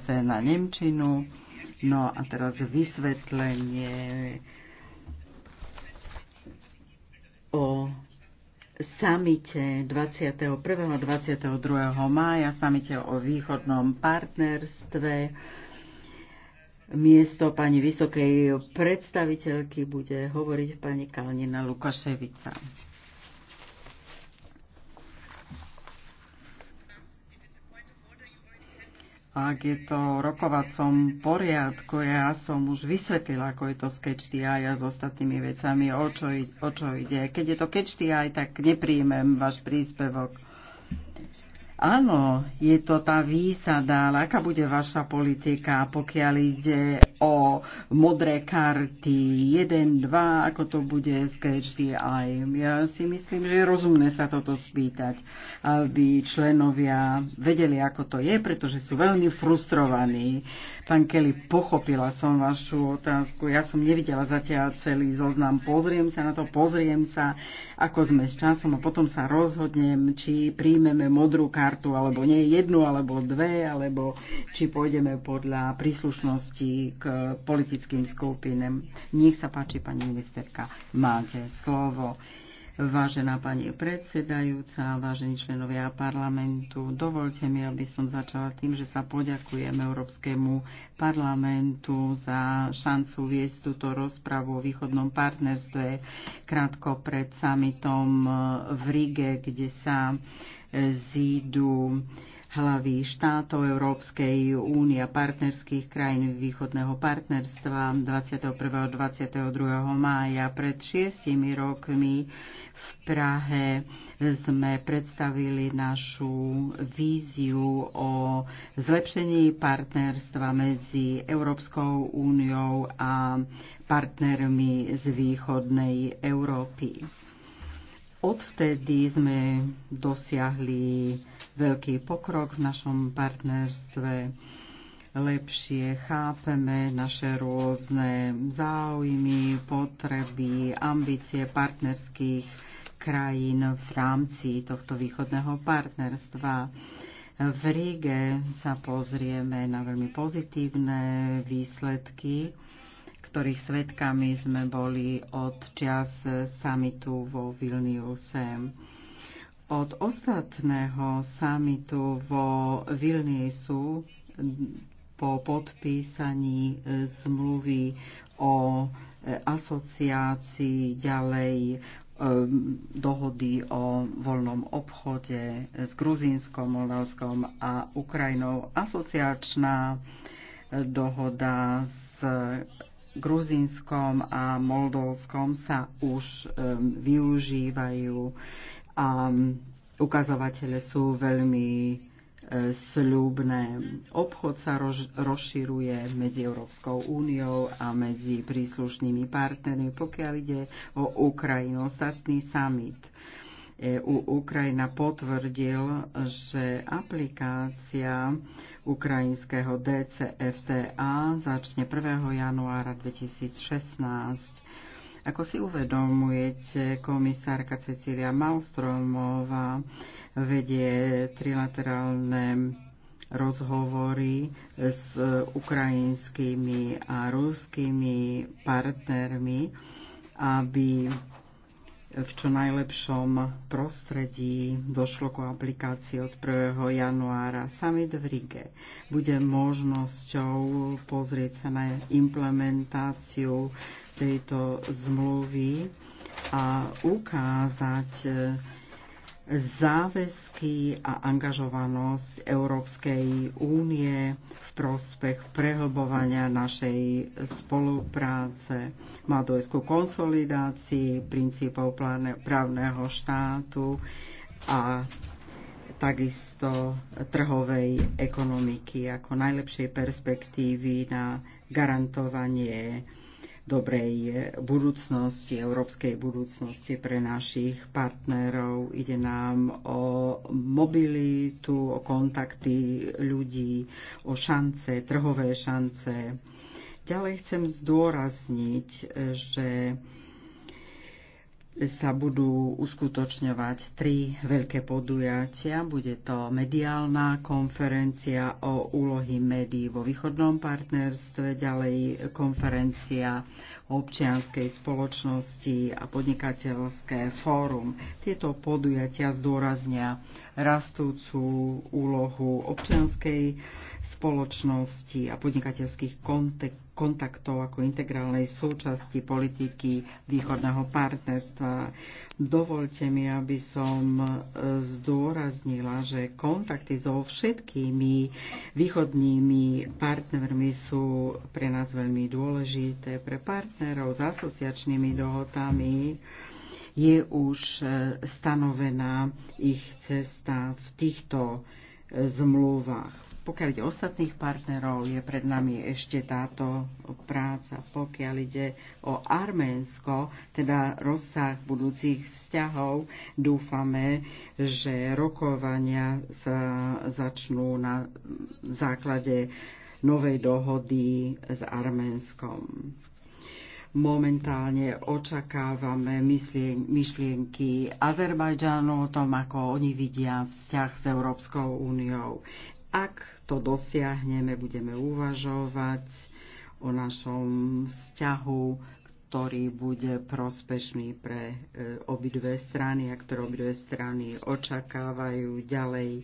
zase na Nemčinu. No a teraz vysvetlenie o samite 21. a 22. mája, samite o východnom partnerstve. Miesto pani vysokej predstaviteľky bude hovoriť pani Kalnina Lukaševica. ak je to v rokovacom poriadku, ja som už vysvetlila, ako je to s catch aj a s ostatnými vecami, o čo, o čo ide. Keď je to catch aj, tak nepríjmem váš príspevok. Áno, je to tá výsada, ale aká bude vaša politika, pokiaľ ide o modré karty 1, 2, ako to bude s KHDI? Ja si myslím, že je rozumné sa toto spýtať, aby členovia vedeli, ako to je, pretože sú veľmi frustrovaní. Pán Kelly, pochopila som vašu otázku. Ja som nevidela zatiaľ celý zoznam. Pozriem sa na to, pozriem sa, ako sme s časom a potom sa rozhodnem, či príjmeme modrú kartu, alebo nie jednu, alebo dve, alebo či pôjdeme podľa príslušnosti k politickým skupinám. Nech sa páči, pani ministerka, máte slovo. Vážená pani predsedajúca, vážení členovia parlamentu, dovolte mi, aby som začala tým, že sa poďakujem Európskemu parlamentu za šancu viesť túto rozpravu o východnom partnerstve krátko pred samitom v Rige, kde sa zídu hlavy štátov Európskej únie a partnerských krajín východného partnerstva 21. a 22. mája. Pred šiestimi rokmi v Prahe sme predstavili našu víziu o zlepšení partnerstva medzi Európskou úniou a partnermi z východnej Európy. Odvtedy sme dosiahli veľký pokrok v našom partnerstve. Lepšie chápeme naše rôzne záujmy, potreby, ambície partnerských krajín v rámci tohto východného partnerstva. V Ríge sa pozrieme na veľmi pozitívne výsledky, ktorých svetkami sme boli od čas samitu vo Vilniusem. Od ostatného samitu vo Vilniusu po podpísaní e, zmluvy o e, asociácii ďalej e, dohody o voľnom obchode s Gruzínskom, Moldavskom a Ukrajinou. Asociačná dohoda s Gruzínskom a Moldovskom sa už využívajú a um, ukazovatele sú veľmi e, slúbne. Obchod sa roz, rozširuje medzi Európskou úniou a medzi príslušnými partnermi, pokiaľ ide o Ukrajinu. Ostatný summit e u Ukrajina potvrdil, že aplikácia ukrajinského DCFTA začne 1. januára 2016 ako si uvedomujete, komisárka Cecília Malstromová vedie trilaterálne rozhovory s ukrajinskými a ruskými partnermi, aby v čo najlepšom prostredí došlo ku aplikácii od 1. januára. Summit v Rige bude možnosťou pozrieť sa na implementáciu tejto zmluvy a ukázať e, záväzky a angažovanosť Európskej únie v prospech prehlbovania našej spolupráce. Má dojsť konsolidácii princípov právneho štátu a takisto trhovej ekonomiky ako najlepšej perspektívy na garantovanie dobrej budúcnosti, európskej budúcnosti pre našich partnerov. Ide nám o mobilitu, o kontakty ľudí, o šance, trhové šance. Ďalej chcem zdôrazniť, že sa budú uskutočňovať tri veľké podujatia. Bude to mediálna konferencia o úlohy médií vo východnom partnerstve, ďalej konferencia o občianskej spoločnosti a podnikateľské fórum. Tieto podujatia zdôraznia rastúcu úlohu občianskej spoločnosti a podnikateľských kontaktov ako integrálnej súčasti politiky východného partnerstva. Dovolte mi, aby som e, zdôraznila, že kontakty so všetkými východnými partnermi sú pre nás veľmi dôležité. Pre partnerov s asociačnými dohodami je už e, stanovená ich cesta v týchto e, zmluvách. Pokiaľ ide ostatných partnerov, je pred nami ešte táto práca. Pokiaľ ide o Arménsko, teda rozsah budúcich vzťahov, dúfame, že rokovania sa začnú na základe novej dohody s Arménskom momentálne očakávame myšlienky Azerbajdžanu o tom, ako oni vidia vzťah s Európskou úniou. Ak to dosiahneme, budeme uvažovať o našom vzťahu, ktorý bude prospešný pre e, obidve strany a ktoré obidve strany očakávajú ďalej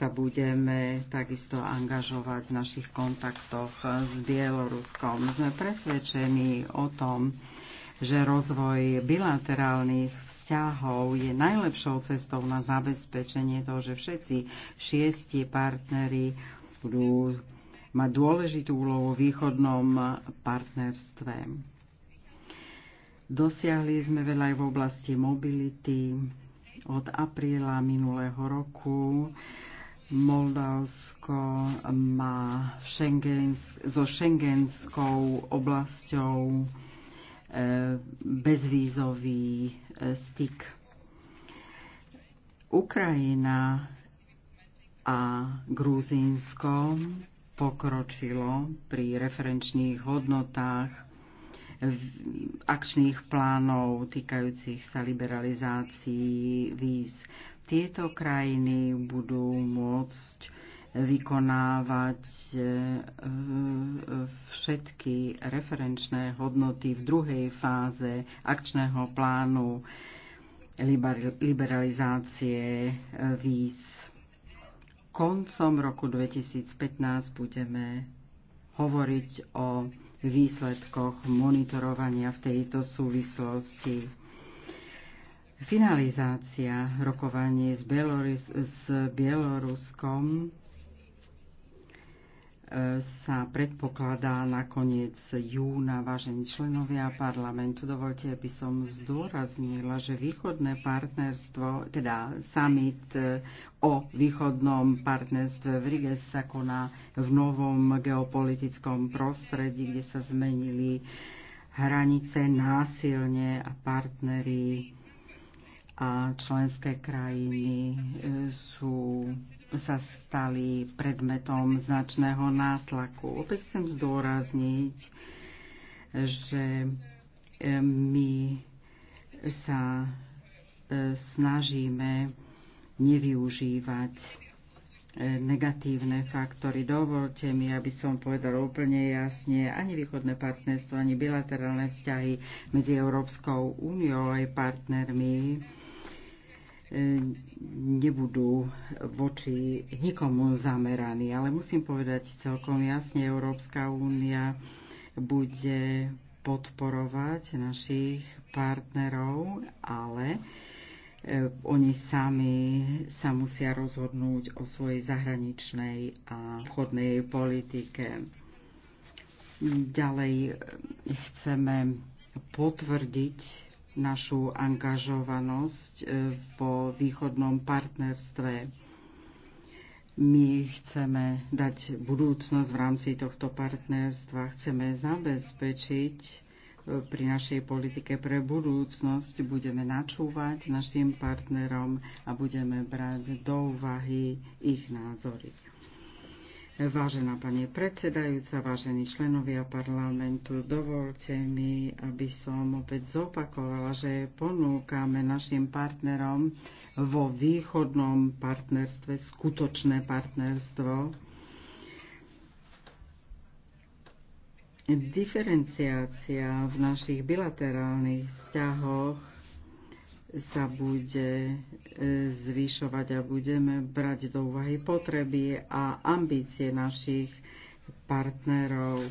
sa budeme takisto angažovať v našich kontaktoch s Bieloruskom. Sme presvedčení o tom, že rozvoj bilaterálnych vzťahov je najlepšou cestou na zabezpečenie toho, že všetci šiesti partnery budú mať dôležitú úlohu v východnom partnerstve. Dosiahli sme veľa aj v oblasti mobility. Od apríla minulého roku Moldavsko má Schengen, so šengenskou oblasťou bezvízový e, styk. Ukrajina a Gruzínsko pokročilo pri referenčných hodnotách akčných plánov týkajúcich sa liberalizácií víz. Tieto krajiny budú môcť vykonávať e, e, všetky referenčné hodnoty v druhej fáze akčného plánu liberalizácie e, víz. Koncom roku 2015 budeme hovoriť o výsledkoch monitorovania v tejto súvislosti. Finalizácia rokovanie s, Bielorus- s Bieloruskom sa predpokladá na koniec júna. Vážení členovia parlamentu, dovolte, aby som zdôraznila, že východné partnerstvo, teda summit e, o východnom partnerstve v Rige sa koná v novom geopolitickom prostredí, kde sa zmenili hranice násilne a partnery a členské krajiny e, sú sa stali predmetom značného nátlaku. Opäť chcem zdôrazniť, že e, my sa e, snažíme nevyužívať e, negatívne faktory. Dovolte mi, aby som povedal úplne jasne, ani východné partnerstvo, ani bilaterálne vzťahy medzi Európskou úniou a jej partnermi E, nebudú voči nikomu zameraní. Ale musím povedať celkom jasne, Európska únia bude podporovať našich partnerov, ale e, oni sami sa musia rozhodnúť o svojej zahraničnej a chodnej politike. Ďalej e, chceme potvrdiť našu angažovanosť vo e, východnom partnerstve. My chceme dať budúcnosť v rámci tohto partnerstva, chceme zabezpečiť e, pri našej politike pre budúcnosť budeme načúvať našim partnerom a budeme brať do úvahy ich názory. Vážená pani predsedajúca, vážení členovia parlamentu, dovolte mi, aby som opäť zopakovala, že ponúkame našim partnerom vo východnom partnerstve skutočné partnerstvo. Diferenciácia v našich bilaterálnych vzťahoch sa bude e, zvyšovať a budeme brať do úvahy potreby a ambície našich partnerov.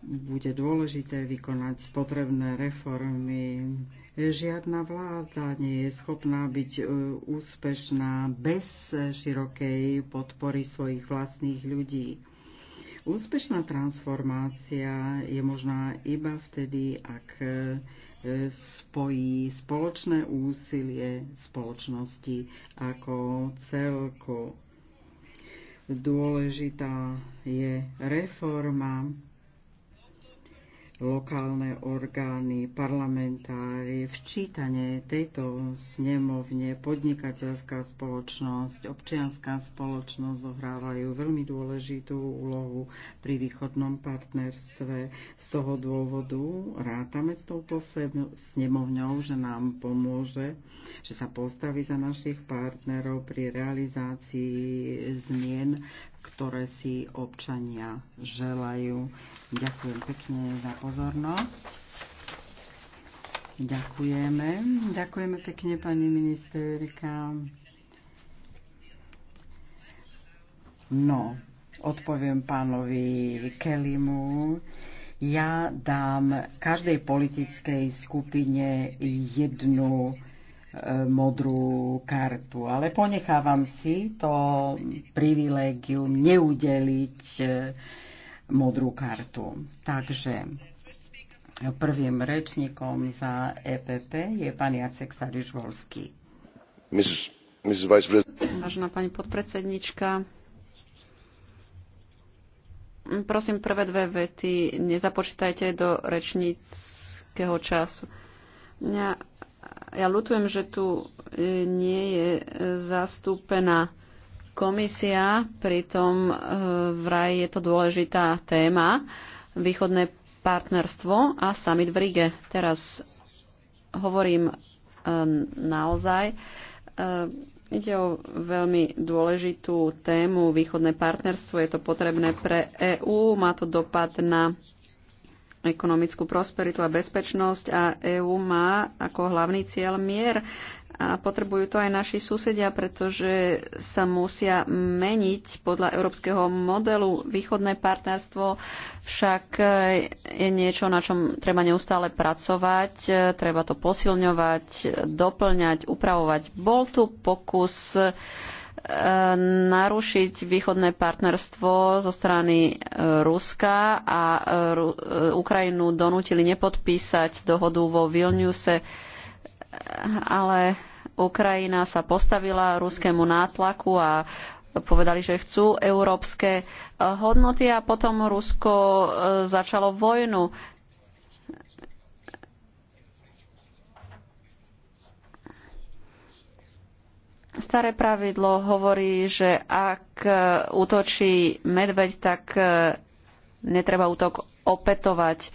Bude dôležité vykonať potrebné reformy. Žiadna vláda nie je schopná byť e, úspešná bez širokej podpory svojich vlastných ľudí. Úspešná transformácia je možná iba vtedy, ak E, spojí spoločné úsilie spoločnosti ako celku. Dôležitá je reforma lokálne orgány, parlamentári, včítanie tejto snemovne, podnikateľská spoločnosť, občianská spoločnosť zohrávajú veľmi dôležitú úlohu pri východnom partnerstve. Z toho dôvodu rátame s touto snemovňou, že nám pomôže, že sa postaví za našich partnerov pri realizácii zmien ktoré si občania želajú. Ďakujem pekne za pozornosť. Ďakujeme. Ďakujeme pekne, pani ministerka. No, odpoviem pánovi Kelimu. Ja dám každej politickej skupine jednu E, modrú kartu. Ale ponechávam si to privilégium neudeliť e, modrú kartu. Takže prvým rečníkom za EPP je pán Jacek Sarišvolský. Vážená pani podpredsednička, prosím prvé dve vety nezapočítajte do rečníckého času. Mňa ja ľutujem, že tu e, nie je e, zastúpená komisia, pritom e, vraj je to dôležitá téma, východné partnerstvo a summit v Rige. Teraz hovorím naozaj. Ide o veľmi dôležitú tému východné partnerstvo. Je to potrebné pre EÚ, má to dopad na ekonomickú prosperitu a bezpečnosť a EÚ má ako hlavný cieľ mier. A potrebujú to aj naši susedia, pretože sa musia meniť podľa európskeho modelu. Východné partnerstvo však je niečo, na čom treba neustále pracovať, treba to posilňovať, doplňať, upravovať. Bol tu pokus narušiť východné partnerstvo zo strany e, Ruska a e, e, Ukrajinu donútili nepodpísať dohodu vo Vilniuse, ale Ukrajina sa postavila ruskému nátlaku a povedali, že chcú európske hodnoty a potom Rusko začalo vojnu. staré pravidlo hovorí, že ak e, útočí medveď, tak e, netreba útok opetovať.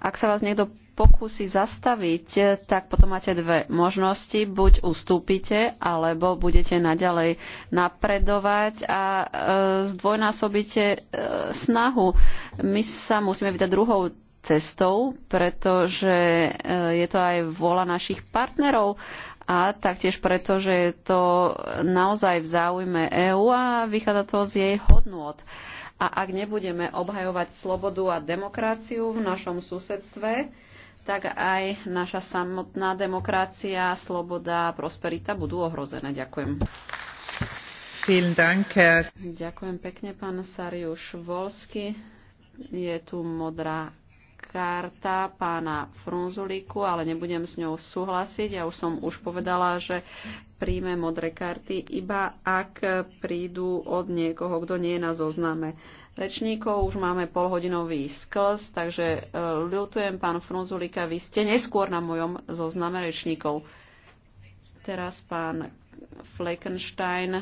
Ak sa vás niekto pokusí zastaviť, e, tak potom máte dve možnosti. Buď ustúpite, alebo budete naďalej napredovať a e, zdvojnásobíte e, snahu. My sa musíme vydať druhou cestou, pretože e, je to aj vola našich partnerov a taktiež preto, že je to naozaj v záujme EÚ a vychádza to z jej hodnôt. A ak nebudeme obhajovať slobodu a demokraciu v našom susedstve, tak aj naša samotná demokracia, sloboda a prosperita budú ohrozené. Ďakujem. Ďakujem pekne, pán Sariuš Volsky. Je tu modrá karta pána Frunzuliku, ale nebudem s ňou súhlasiť. Ja už som už povedala, že príjme modré karty iba ak prídu od niekoho, kto nie je na zozname rečníkov. Už máme polhodinový sklz, takže e, ľutujem, pán Frunzulika, vy ste neskôr na mojom zozname rečníkov. Teraz pán Fleckenstein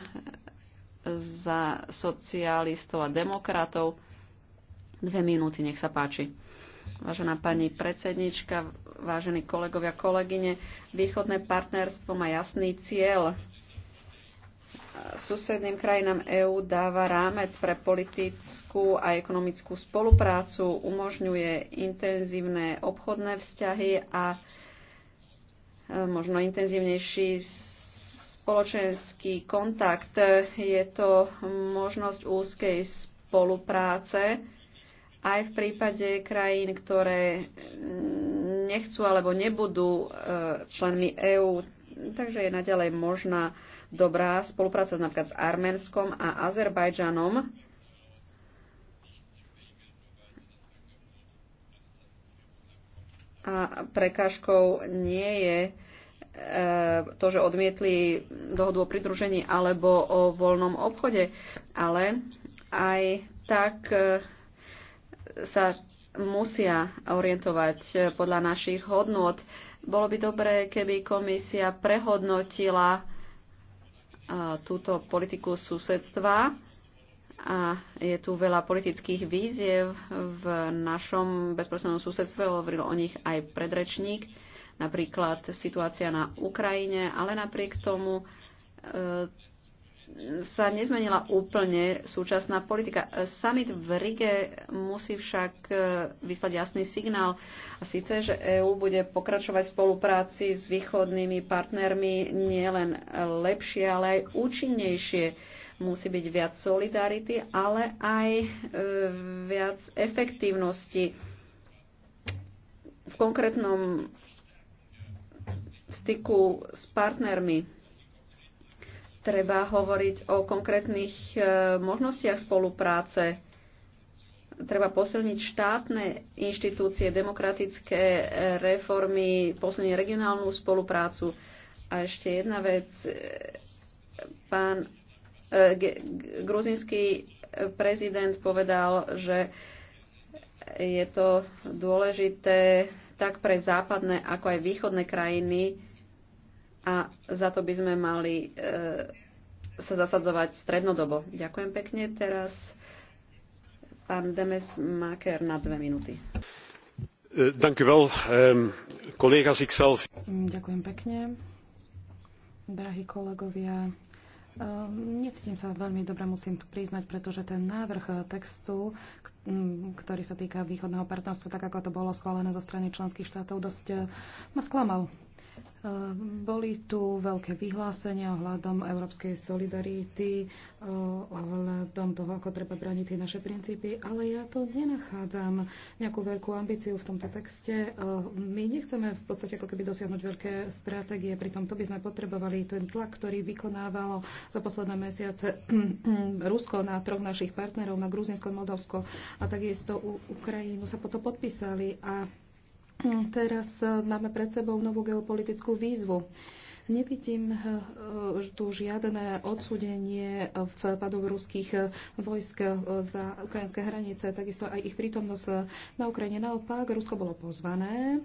za socialistov a demokratov. Dve minúty, nech sa páči. Vážená pani predsednička, vážení kolegovia, kolegyne, východné partnerstvo má jasný cieľ. Susedným krajinám EÚ dáva rámec pre politickú a ekonomickú spoluprácu, umožňuje intenzívne obchodné vzťahy a e, možno intenzívnejší spoločenský kontakt. Je to možnosť úzkej spolupráce aj v prípade krajín, ktoré nechcú alebo nebudú e, členmi EÚ. Takže je naďalej možná dobrá spolupráca napríklad s Arménskom a Azerbajdžanom. A prekážkou nie je e, to, že odmietli dohodu o pridružení alebo o voľnom obchode, ale aj tak e, sa musia orientovať podľa našich hodnot. Bolo by dobré, keby komisia prehodnotila túto politiku susedstva a je tu veľa politických víziev v našom bezprostrednom susedstve, hovoril o nich aj predrečník, napríklad situácia na Ukrajine, ale napriek tomu e, sa nezmenila úplne súčasná politika. Summit v Rige musí však e, vyslať jasný signál, a síce, že EÚ bude pokračovať v spolupráci s východnými partnermi nielen lepšie, ale aj účinnejšie. Musí byť viac solidarity, ale aj e, viac efektívnosti. V konkrétnom styku s partnermi treba hovoriť o konkrétnych e, možnostiach spolupráce. Treba posilniť štátne inštitúcie, demokratické e, reformy, posilniť regionálnu spoluprácu. A ešte jedna vec. E, pán gruzinský prezident povedal, že je to dôležité tak pre západné, ako aj východné krajiny a za to by sme mali sa zasadzovať strednodobo. Ďakujem pekne. Teraz pán Demes Maker na dve minúty. E, ehm, mm, ďakujem pekne, drahí kolegovia. Ehm, necítim sa veľmi dobre, musím tu priznať, pretože ten návrh e, textu, ktorý sa týka východného partnerstva, tak ako to bolo schválené zo strany členských štátov, dosť e, ma sklamal. Ehm, boli tu veľké vyhlásenia ohľadom európskej solidarity, eh, ohľadom toho, ako treba braniť tie naše princípy, ale ja to nenachádzam nejakú veľkú ambíciu v tomto texte. Ehm, my nechceme v podstate ako keby dosiahnuť veľké stratégie, pritom to by sme potrebovali ten tlak, ktorý vykonávalo za posledné mesiace Rusko na troch našich partnerov, na Gruzinsko, Moldavsko a takisto u Ukrajinu sa potom podpísali a Teraz e, máme pred sebou novú geopolitickú výzvu. Nevidím e, e, tu žiadne odsudenie vpadov ruských vojsk za ukrajinské hranice, takisto aj ich prítomnosť na Ukrajine. Naopak, Rusko bolo pozvané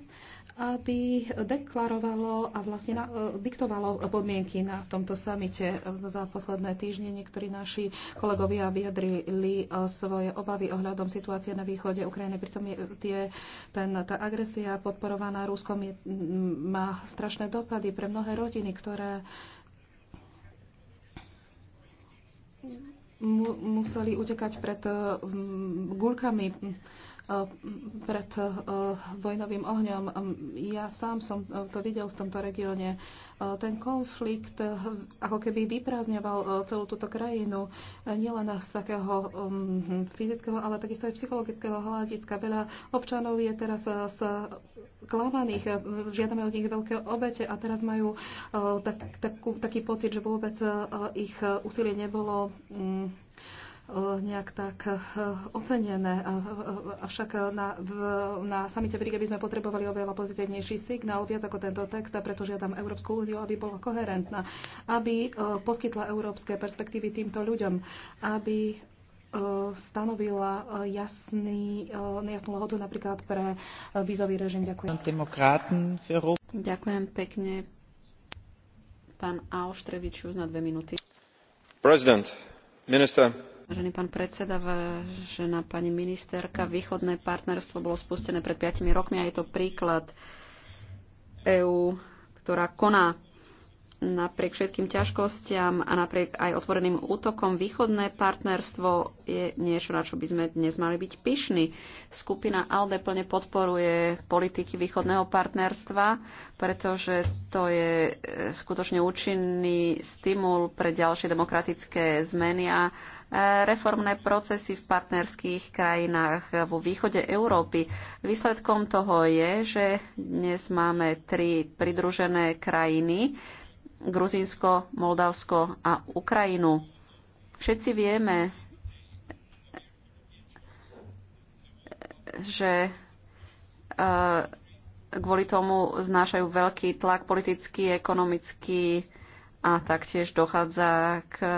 aby deklarovalo a vlastne na, e, diktovalo podmienky na tomto samite. Za posledné týždne niektorí naši kolegovia vyjadrili e, svoje obavy ohľadom situácie na východe Ukrajiny. Pritom je, tie, ten, tá agresia podporovaná Ruskom je, má strašné dopady pre mnohé rodiny, ktoré mu, museli utekať pred gulkami. Uh, Eh, pred eh, vojnovým ohňom. Ja sám som eh, to videl v tomto regióne. Ten konflikt ako keby vyprázdňoval celú túto krajinu, nielen z takého fyzického, ale takisto aj psychologického hľadiska. Veľa občanov je teraz z klamaných, žiadame od nich veľké obete a teraz majú tak, takú, taký pocit, že vôbec ich úsilie nebolo mm, E, nejak tak e, ocenené. E, avšak na, v, na samite v Rige by sme potrebovali oveľa pozitívnejší signál, viac ako tento text, a preto žiadam Európsku úniu, aby bola koherentná, aby poskytla európske perspektívy týmto ľuďom, aby stanovila jasný, jasnú lehotu napríklad pre vízový režim. Ďakujem. Ďakujem pekne. Pán už na dve minúty. President, minister, Vážený pán predseda, vážená pani ministerka, východné partnerstvo bolo spustené pred 5 rokmi a je to príklad EÚ, ktorá koná Napriek všetkým ťažkostiam a napriek aj otvoreným útokom východné partnerstvo je niečo, na čo by sme dnes mali byť pyšní. Skupina ALDE plne podporuje politiky východného partnerstva, pretože to je e, skutočne účinný stimul pre ďalšie demokratické zmeny a e, reformné procesy v partnerských krajinách vo východe Európy. Výsledkom toho je, že dnes máme tri pridružené krajiny, Gruzínsko, Moldavsko a Ukrajinu. Všetci vieme, že e, kvôli tomu znášajú veľký tlak politický, ekonomický a taktiež dochádza k e,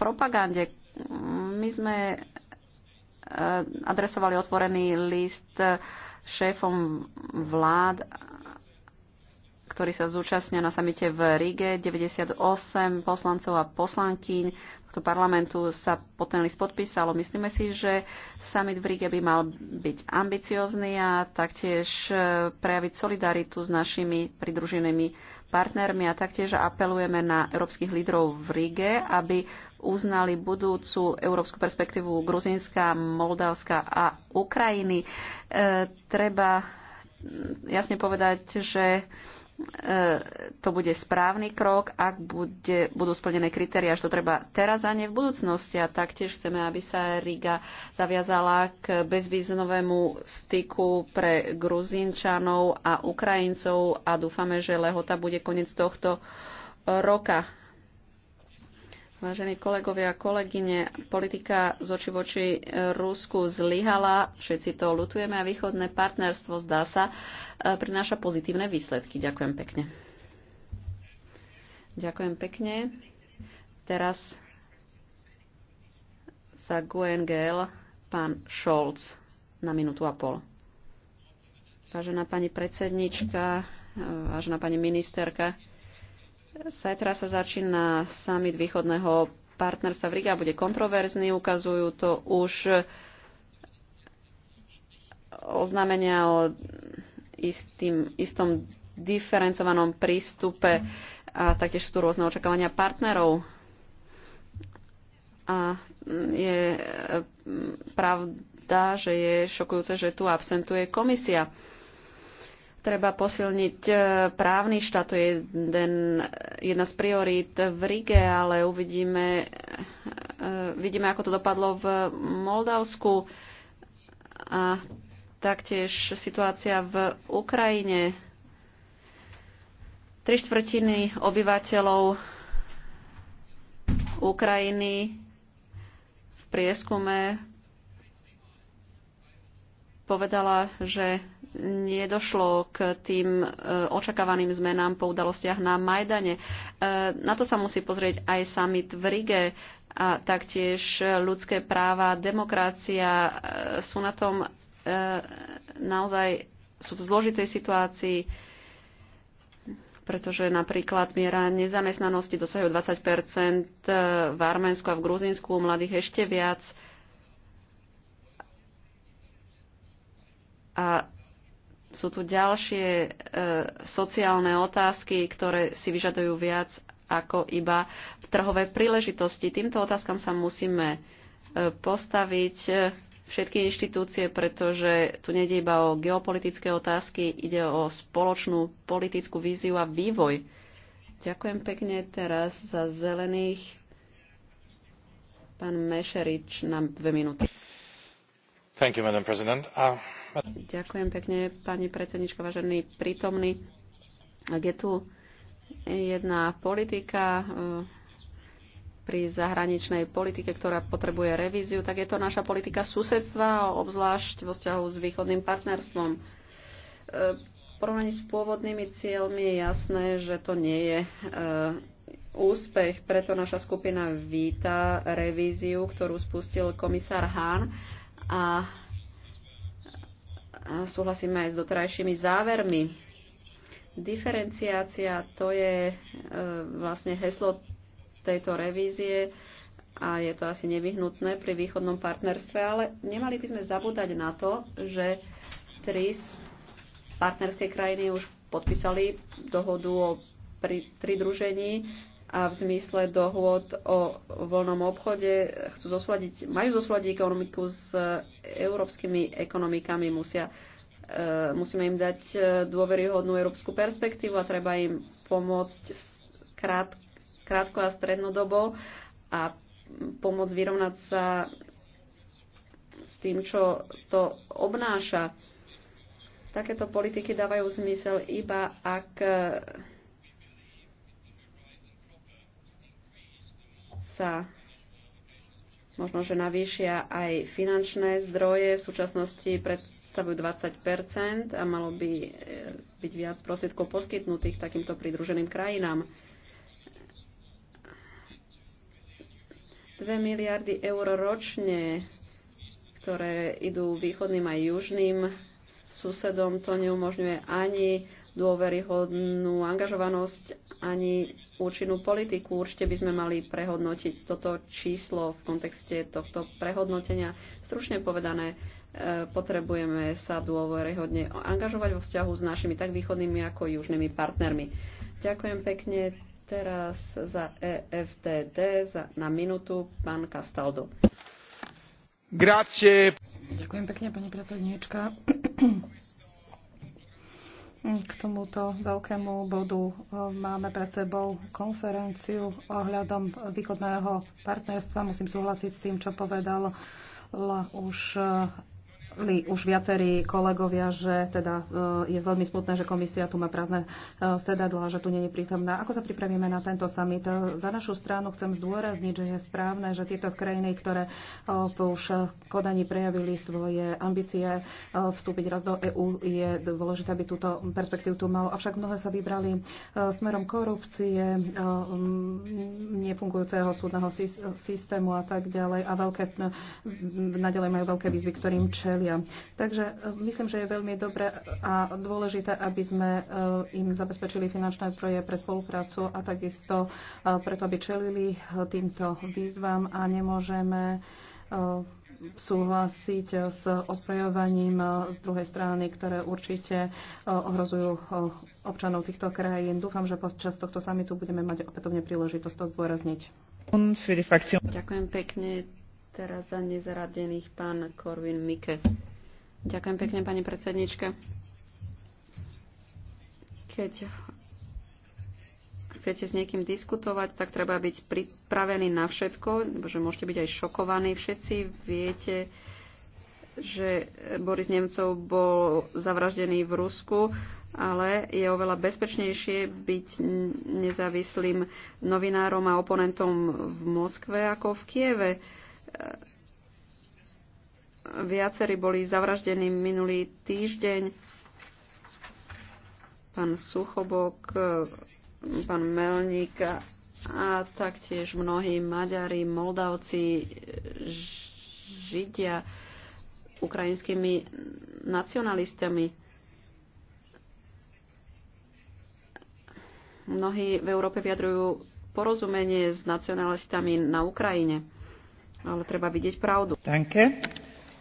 propagande. My sme e, adresovali otvorený list šéfom vlád ktorí sa zúčastnia na samite v Rige. 98 poslancov a poslankyň tohto parlamentu sa po ten list podpísalo. Myslíme si, že summit v Rige by mal byť ambiciózny a taktiež e, prejaviť solidaritu s našimi pridruženými partnermi a taktiež apelujeme na európskych lídrov v Rige, aby uznali budúcu európsku perspektívu Gruzínska, Moldavska a Ukrajiny. E, treba jasne povedať, že E, to bude správny krok, ak bude, budú splnené kritéria, až to treba teraz a nie v budúcnosti. A taktiež chceme, aby sa Riga zaviazala k bezvýznovému styku pre Gruzínčanov a Ukrajincov a dúfame, že lehota bude koniec tohto roka. Vážení kolegovia a kolegyne, politika z oči voči eh, Rusku zlyhala, všetci to lutujeme a východné partnerstvo, zdá sa, eh, prináša pozitívne výsledky. Ďakujem pekne. Ďakujem pekne. Teraz sa Guengel pán Scholz na minútu a pol. Vážená pani predsednička, eh, vážená pani ministerka, Zajtra sa začína summit východného partnerstva v Riga a bude kontroverzný. Ukazujú to už oznámenia o istým, istom diferencovanom prístupe a taktiež sú tu rôzne očakávania partnerov. A je pravda, že je šokujúce, že tu absentuje komisia. Treba posilniť e, právny štát, to je jeden, jedna z priorít v Rige, ale uvidíme, e, vidíme, ako to dopadlo v Moldavsku a taktiež situácia v Ukrajine. Tri štvrtiny obyvateľov Ukrajiny v prieskume povedala, že nedošlo k tým e, očakávaným zmenám po udalostiach na Majdane. E, na to sa musí pozrieť aj summit v Rige a taktiež ľudské práva, demokracia e, sú na tom naozaj sú v zložitej situácii, pretože napríklad miera nezamestnanosti dosahuje 20 v Arménsku a v Gruzínsku, u mladých ešte viac. A sú tu ďalšie e, sociálne otázky, ktoré si vyžadujú viac ako iba trhové príležitosti. Týmto otázkam sa musíme e, postaviť e, všetky inštitúcie, pretože tu nejde iba o geopolitické otázky, ide o spoločnú politickú víziu a vývoj. Ďakujem pekne teraz za zelených. Pán Mešerič na dve minúty. Ďakujem pekne, pani vážený prítomný. Ak je tu jedna politika eh, pri zahraničnej politike, ktorá potrebuje revíziu, tak je to naša politika susedstva, obzvlášť vo vzťahu s východným partnerstvom. Eh, v porovnaní s pôvodnými cieľmi je jasné, že to nie je eh, úspech, preto naša skupina víta revíziu, ktorú spustil komisár Hahn a súhlasíme aj s doterajšími závermi. Diferenciácia to je e, vlastne heslo tejto revízie a je to asi nevyhnutné pri východnom partnerstve, ale nemali by sme zabúdať na to, že tri z partnerskej krajiny už podpísali dohodu o pridružení a v zmysle dohôd o voľnom obchode chcú zosladiť, majú zosladiť ekonomiku s európskymi ekonomikami, musia, e, musíme im dať e, dôveryhodnú európsku perspektívu a treba im pomôcť krát, krátko a strednodobo a pomôcť vyrovnať sa s tým, čo to obnáša. Takéto politiky dávajú zmysel iba, ak sa možno, že navýšia aj finančné zdroje. V súčasnosti predstavujú 20 a malo by e, byť viac prostriedkov poskytnutých takýmto pridruženým krajinám. 2 miliardy eur ročne, ktoré idú východným aj južným susedom, to neumožňuje ani dôveryhodnú angažovanosť ani účinnú politiku. Určite by sme mali prehodnotiť toto číslo v kontexte tohto prehodnotenia. Stručne povedané, e, potrebujeme sa dôveryhodne angažovať vo vzťahu s našimi tak východnými ako južnými partnermi. Ďakujem pekne teraz za EFTD za, na minútu pán Castaldo. Grazie. Ďakujem pekne, pani predsedníčka. K tomuto veľkému bodu e, máme pred sebou konferenciu ohľadom východného partnerstva. Musím súhlasiť s tým, čo povedal už e, hovorili už viacerí kolegovia, že teda e, je veľmi smutné, že komisia tu má prázdne e, sedadla, že tu nie je prítomná. Ako sa pripravíme na tento summit? E, za našu stranu chcem zdôrazniť, že je správne, že tieto krajiny, ktoré už v Kodani prejavili svoje ambície vstúpiť raz do EÚ, je dôležité, aby túto perspektívu tu mal. Avšak mnohé sa vybrali smerom korupcie, nefungujúceho súdneho systému a tak ďalej a veľké, naďalej majú veľké výzvy, ktorým čeli zdravia. Takže e, myslím, že je veľmi dobré a dôležité, aby sme e, im zabezpečili finančné zdroje pre spoluprácu a takisto e, preto, aby čelili týmto výzvam a nemôžeme súhlasiť s ozbrojovaním z druhej strany, ktoré určite ohrozujú občanov týchto krajín. Dúfam, že počas tohto samitu budeme mať opätovne príležitosť to zdôrazniť. Ďakujem pekne. Teraz za nezaradených pán Korvin Mike. Ďakujem pekne, pani predsednička. Keď chcete s niekým diskutovať, tak treba byť pripravený na všetko, že môžete byť aj šokovaní. Všetci viete, že Boris Nemcov bol zavraždený v Rusku, ale je oveľa bezpečnejšie byť nezávislým novinárom a oponentom v Moskve ako v Kieve. Viacerí boli zavraždení minulý týždeň. Pán Suchobok, pán Melník a taktiež mnohí Maďari, Moldavci, Židia, ukrajinskými nacionalistami. Mnohí v Európe vyjadrujú porozumenie s nacionalistami na Ukrajine ale treba vidieť pravdu. Danke.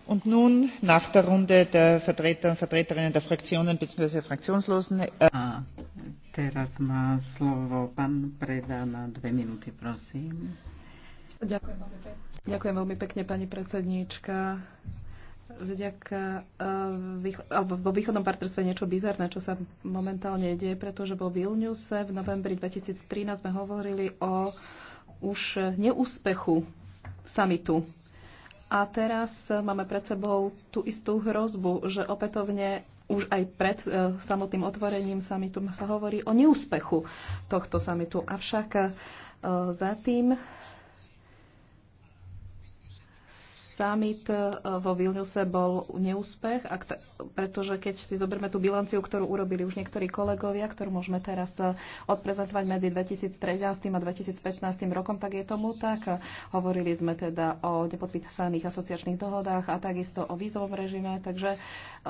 Und nun nach der Runde der Vertreter und Vertreterinnen der Fraktionen bzw. Fraktionslosen. Äh A teraz má slovo pán Preda na dve minúty, prosím. Ďakujem Ďakujem veľmi pekne pani predsedníčka vďaka, e, alebo vo východnom partnerstve niečo bizarné, čo sa momentálne deje, pretože vo Vilniuse v novembri 2013 sme hovorili o už neúspechu samitu. A teraz máme pred sebou tú istú hrozbu, že opätovne už aj pred e, samotným otvorením samitu sa hovorí o neúspechu tohto samitu. Avšak e, za tým summit e, vo Vilniuse bol neúspech, pretože keď si zoberme tú bilanciu, ktorú urobili už niektorí kolegovia, ktorú môžeme teraz e, odprezentovať medzi 2013 a 2015 rokom, tak je tomu tak. Hovorili sme teda o nepodpísaných asociačných dohodách a takisto o vízovom režime, takže, e,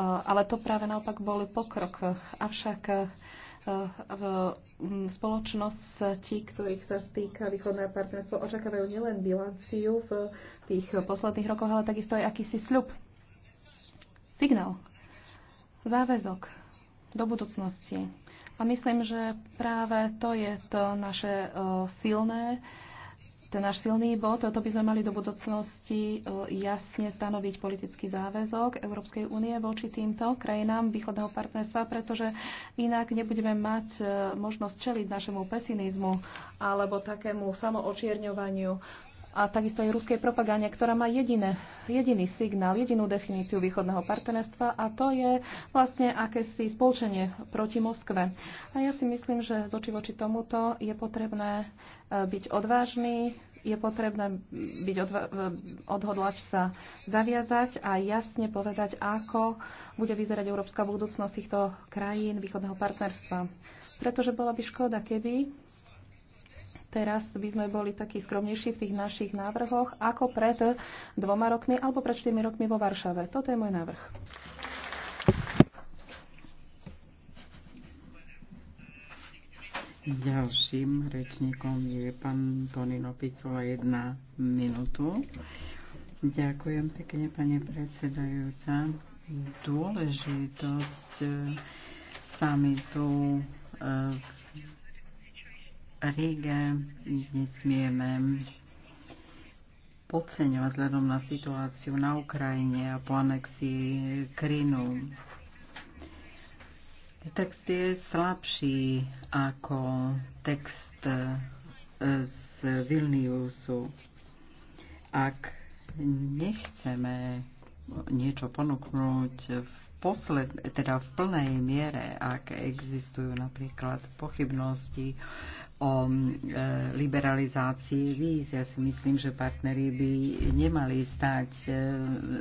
ale to práve naopak bol pokrok. Avšak v mm, spoločnosti, ktorých sa týka východné partnerstvo, očakávajú nielen bilanciu v tých posledných rokoch, ale takisto aj akýsi sľub. Signál. Záväzok do budúcnosti. A myslím, že práve to je to naše silné ten náš silný bod, to by sme mali do budúcnosti e, jasne stanoviť politický záväzok Európskej únie voči týmto krajinám východného partnerstva, pretože inak nebudeme mať e, možnosť čeliť našemu pesimizmu alebo takému samoočierňovaniu a takisto aj ruskej propagande, ktorá má jediné, jediný signál, jedinú definíciu východného partnerstva a to je vlastne akési spolčenie proti Moskve. A ja si myslím, že z oči voči tomuto je potrebné e, byť odvážny, je potrebné byť odva- e, odhodlať sa zaviazať a jasne povedať, ako bude vyzerať európska budúcnosť týchto krajín východného partnerstva. Pretože bola by škoda, keby teraz by sme boli takí skromnejší v tých našich návrhoch ako pred dvoma rokmi alebo pred štyrmi rokmi vo Varšave. Toto je môj návrh. Ďalším rečníkom je pán Tonino Picola, jedna minútu. Ďakujem pekne, pani predsedajúca. Dôležitosť eh, samitu v eh, Ríge nesmieme podceňovať vzhľadom na situáciu na Ukrajine a po anexii Krynu. Text je slabší ako text e, z Vilniusu. Ak nechceme niečo ponúknuť v posled, teda v plnej miere, ak existujú napríklad pochybnosti o e, liberalizácii víz. Ja si myslím, že partneri by nemali stať e,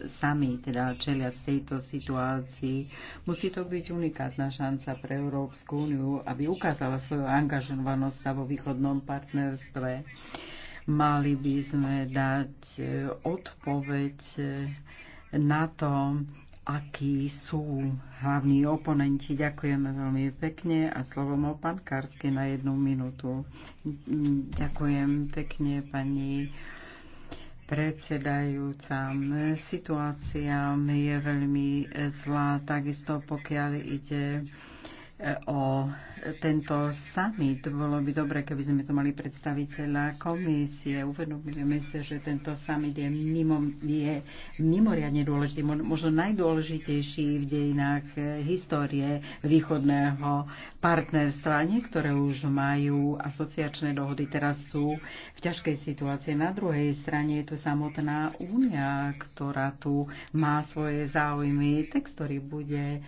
sami, teda čeliať z tejto situácii. Musí to byť unikátna šanca pre Európsku úniu, aby ukázala svoju angažovanosť vo východnom partnerstve. Mali by sme dať e, odpoveď na to, akí sú hlavní oponenti. Ďakujeme veľmi pekne a slovo mal pán Karsky na jednu minútu. Ďakujem pekne pani predsedajúca. Situácia je veľmi zlá, takisto pokiaľ ide o tento summit. Bolo by dobre, keby sme to mali predstaviteľa komisie. Uvedomujeme sa, že tento summit je, mimo, je mimoriadne dôležitý, možno najdôležitejší v dejinách eh, histórie východného partnerstva. Niektoré už majú asociačné dohody, teraz sú v ťažkej situácii. Na druhej strane je tu samotná únia, ktorá tu má svoje záujmy. Text, ktorý bude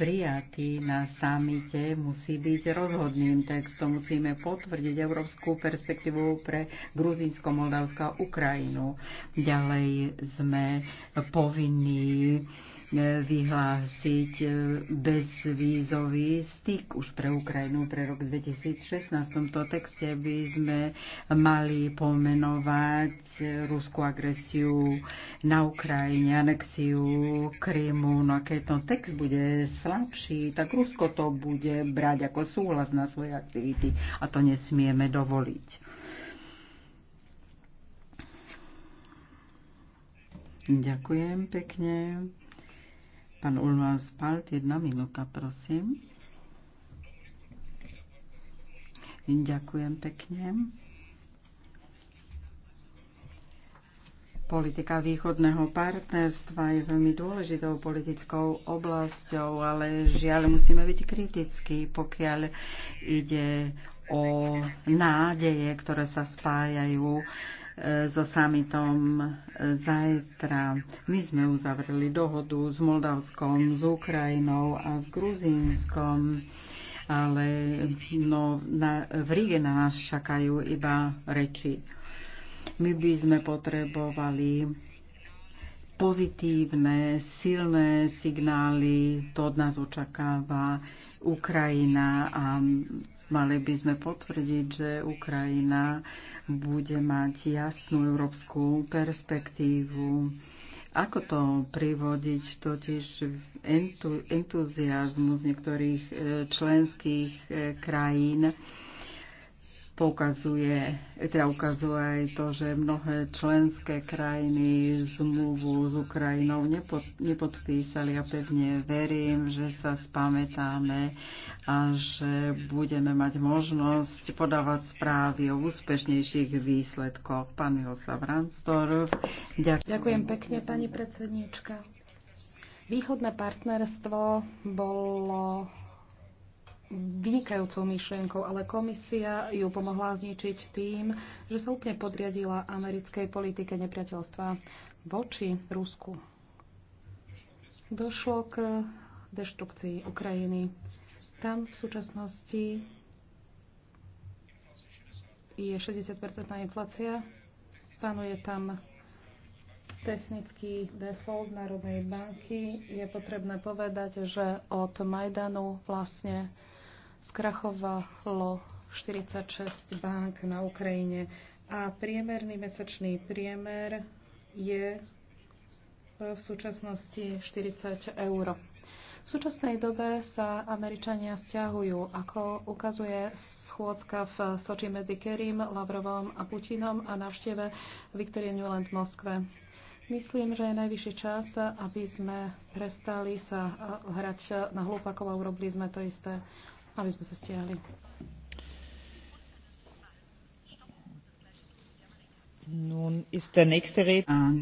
prijatý na samite, musí byť rozhodným textom. Musíme potvrdiť európsku perspektívu pre Gruzínsko, Moldavsko a Ukrajinu. Ďalej sme povinní vyhlásiť e, bezvízový styk už pre Ukrajinu pre rok 2016. V tomto texte by sme mali pomenovať ruskú agresiu na Ukrajine, anexiu Krymu. No a keď ten text bude slabší, tak Rusko to bude brať ako súhlas na svoje aktivity a to nesmieme dovoliť. Ďakujem pekne. Pán Ulman Spalt, jedna minúta, prosím. Ďakujem pekne. Politika východného partnerstva je veľmi dôležitou politickou oblasťou, ale žiaľ musíme byť kritickí, pokiaľ ide o nádeje, ktoré sa spájajú so samitom zajtra. My sme uzavreli dohodu s Moldavskom, s Ukrajinou a s Gruzínskom, ale no, na, v Ríge na nás čakajú iba reči. My by sme potrebovali pozitívne, silné signály, to od nás očakáva Ukrajina a mali by sme potvrdiť, že Ukrajina bude mať jasnú európsku perspektívu. Ako to privodiť totiž entuziasmus niektorých e, členských e, krajín poukazuje, teda ukazuje aj to, že mnohé členské krajiny zmluvu s Ukrajinou nepod, nepodpísali a pevne verím, že sa spamätáme a že budeme mať možnosť podávať správy o úspešnejších výsledkoch. Pán Josa Vranstor, Ďakujem. ďakujem pekne, pani predsedníčka. Východné partnerstvo bolo vynikajúcou myšlienkou, ale komisia ju pomohla zničiť tým, že sa úplne podriadila americkej politike nepriateľstva voči Rusku. Došlo k deštrukcii Ukrajiny. Tam v súčasnosti je 60-percentná inflácia. Panuje tam technický default Národnej banky. Je potrebné povedať, že od Majdanu vlastne skrachovalo 46 bank na Ukrajine a priemerný mesačný priemer je v súčasnosti 40 eur. V súčasnej dobe sa Američania stiahujú, ako ukazuje schôdzka v Soči medzi Kerim, Lavrovom a Putinom a navšteve Victoria Newland v Moskve. Myslím, že je najvyšší čas, aby sme prestali sa hrať na hlupakov a urobili sme to isté aby sme sa stiahli. Nun ist der nächste Redner.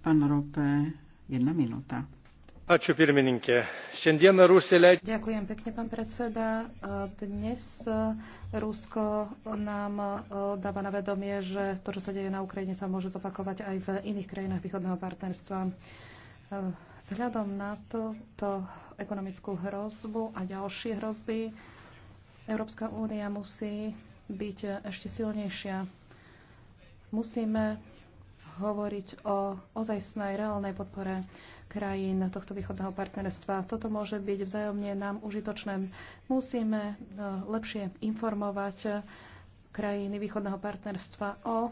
Pán Rope, jedna minúta. Ďakujem pekne, pán predseda. Dnes Rusko nám dáva na vedomie, že to, čo sa deje na Ukrajine, sa môže zopakovať aj v iných krajinách východného partnerstva. Vzhľadom na túto ekonomickú hrozbu a ďalšie hrozby, Európska únia musí byť ešte silnejšia. Musíme hovoriť o ozajstnej reálnej podpore krajín tohto východného partnerstva. Toto môže byť vzájomne nám užitočné. Musíme e, lepšie informovať e, krajiny východného partnerstva o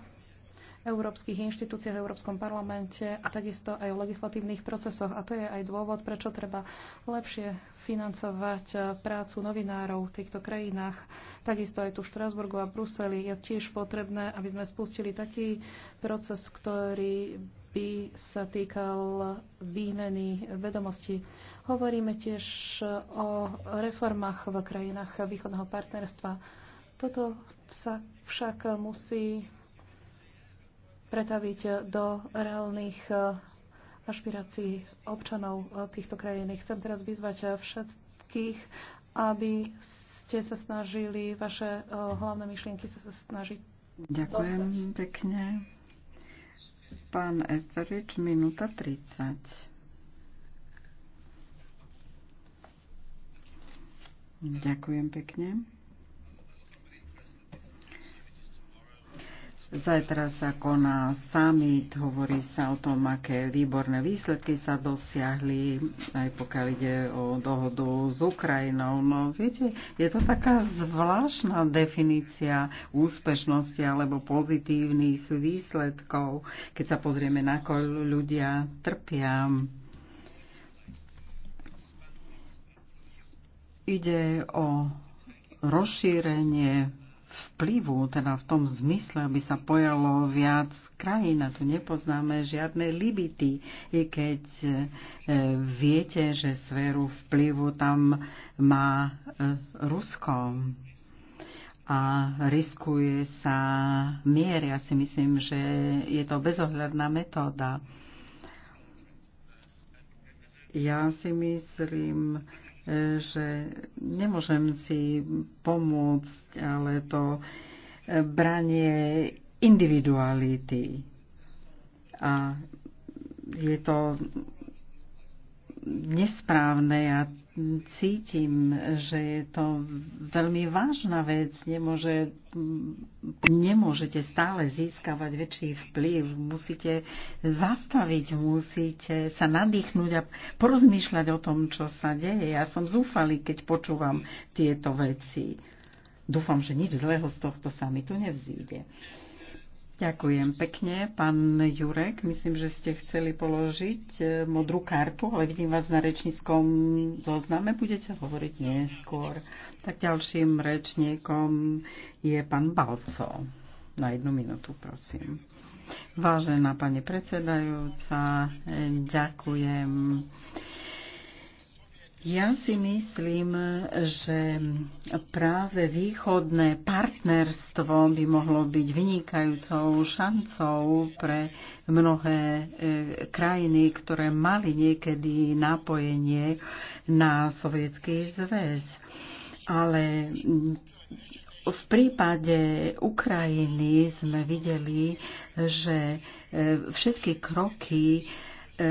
európskych inštitúciách, v Európskom parlamente a takisto aj o legislatívnych procesoch. A to je aj dôvod, prečo treba lepšie financovať eh, prácu novinárov v týchto krajinách. Takisto aj tu v Štrasburgu a Bruseli je tiež potrebné, aby sme spustili taký proces, ktorý by sa týkal výmeny vedomostí. Hovoríme tiež eh, o reformách v krajinách východného partnerstva. Toto sa však musí pretaviť do reálnych e, ašpirácií občanov e, týchto krajín. Chcem teraz vyzvať e, všetkých, aby ste sa snažili, vaše hlavné myšlienky sa snažiť. Ďakujem dostať. pekne. Pán Eferič, minúta 30. Ďakujem pekne. Zajtra sa koná summit, hovorí sa o tom, aké výborné výsledky sa dosiahli, aj pokiaľ ide o dohodu s Ukrajinou. No viete, je to taká zvláštna definícia úspešnosti alebo pozitívnych výsledkov, keď sa pozrieme, ako ľudia trpia. Ide o rozšírenie vplyvu, teda v tom zmysle, aby sa pojalo viac krajín a tu nepoznáme žiadne libity. i keď e, viete, že sféru vplyvu tam má e, Rusko a riskuje sa mier. Ja si myslím, že je to bezohľadná metóda. Ja si myslím, že nemôžem si pomôcť, ale to branie individuality. A je to nesprávne a cítim, že je to veľmi vážna vec. Nemôže, nemôžete stále získavať väčší vplyv. Musíte zastaviť, musíte sa nadýchnúť a porozmýšľať o tom, čo sa deje. Ja som zúfalý, keď počúvam tieto veci. Dúfam, že nič zlého z tohto sa mi tu nevzíde. Ďakujem pekne. Pán Jurek, myslím, že ste chceli položiť e, modrú kartu, ale vidím vás na rečníckom zozname. Budete hovoriť neskôr. Tak ďalším rečníkom je pán Balco. Na jednu minútu, prosím. Vážená pani predsedajúca, e, ďakujem. Ja si myslím, že práve východné partnerstvo by mohlo byť vynikajúcou šancou pre mnohé e, krajiny, ktoré mali niekedy napojenie na sovietský zväz. Ale v prípade Ukrajiny sme videli, že e, všetky kroky E,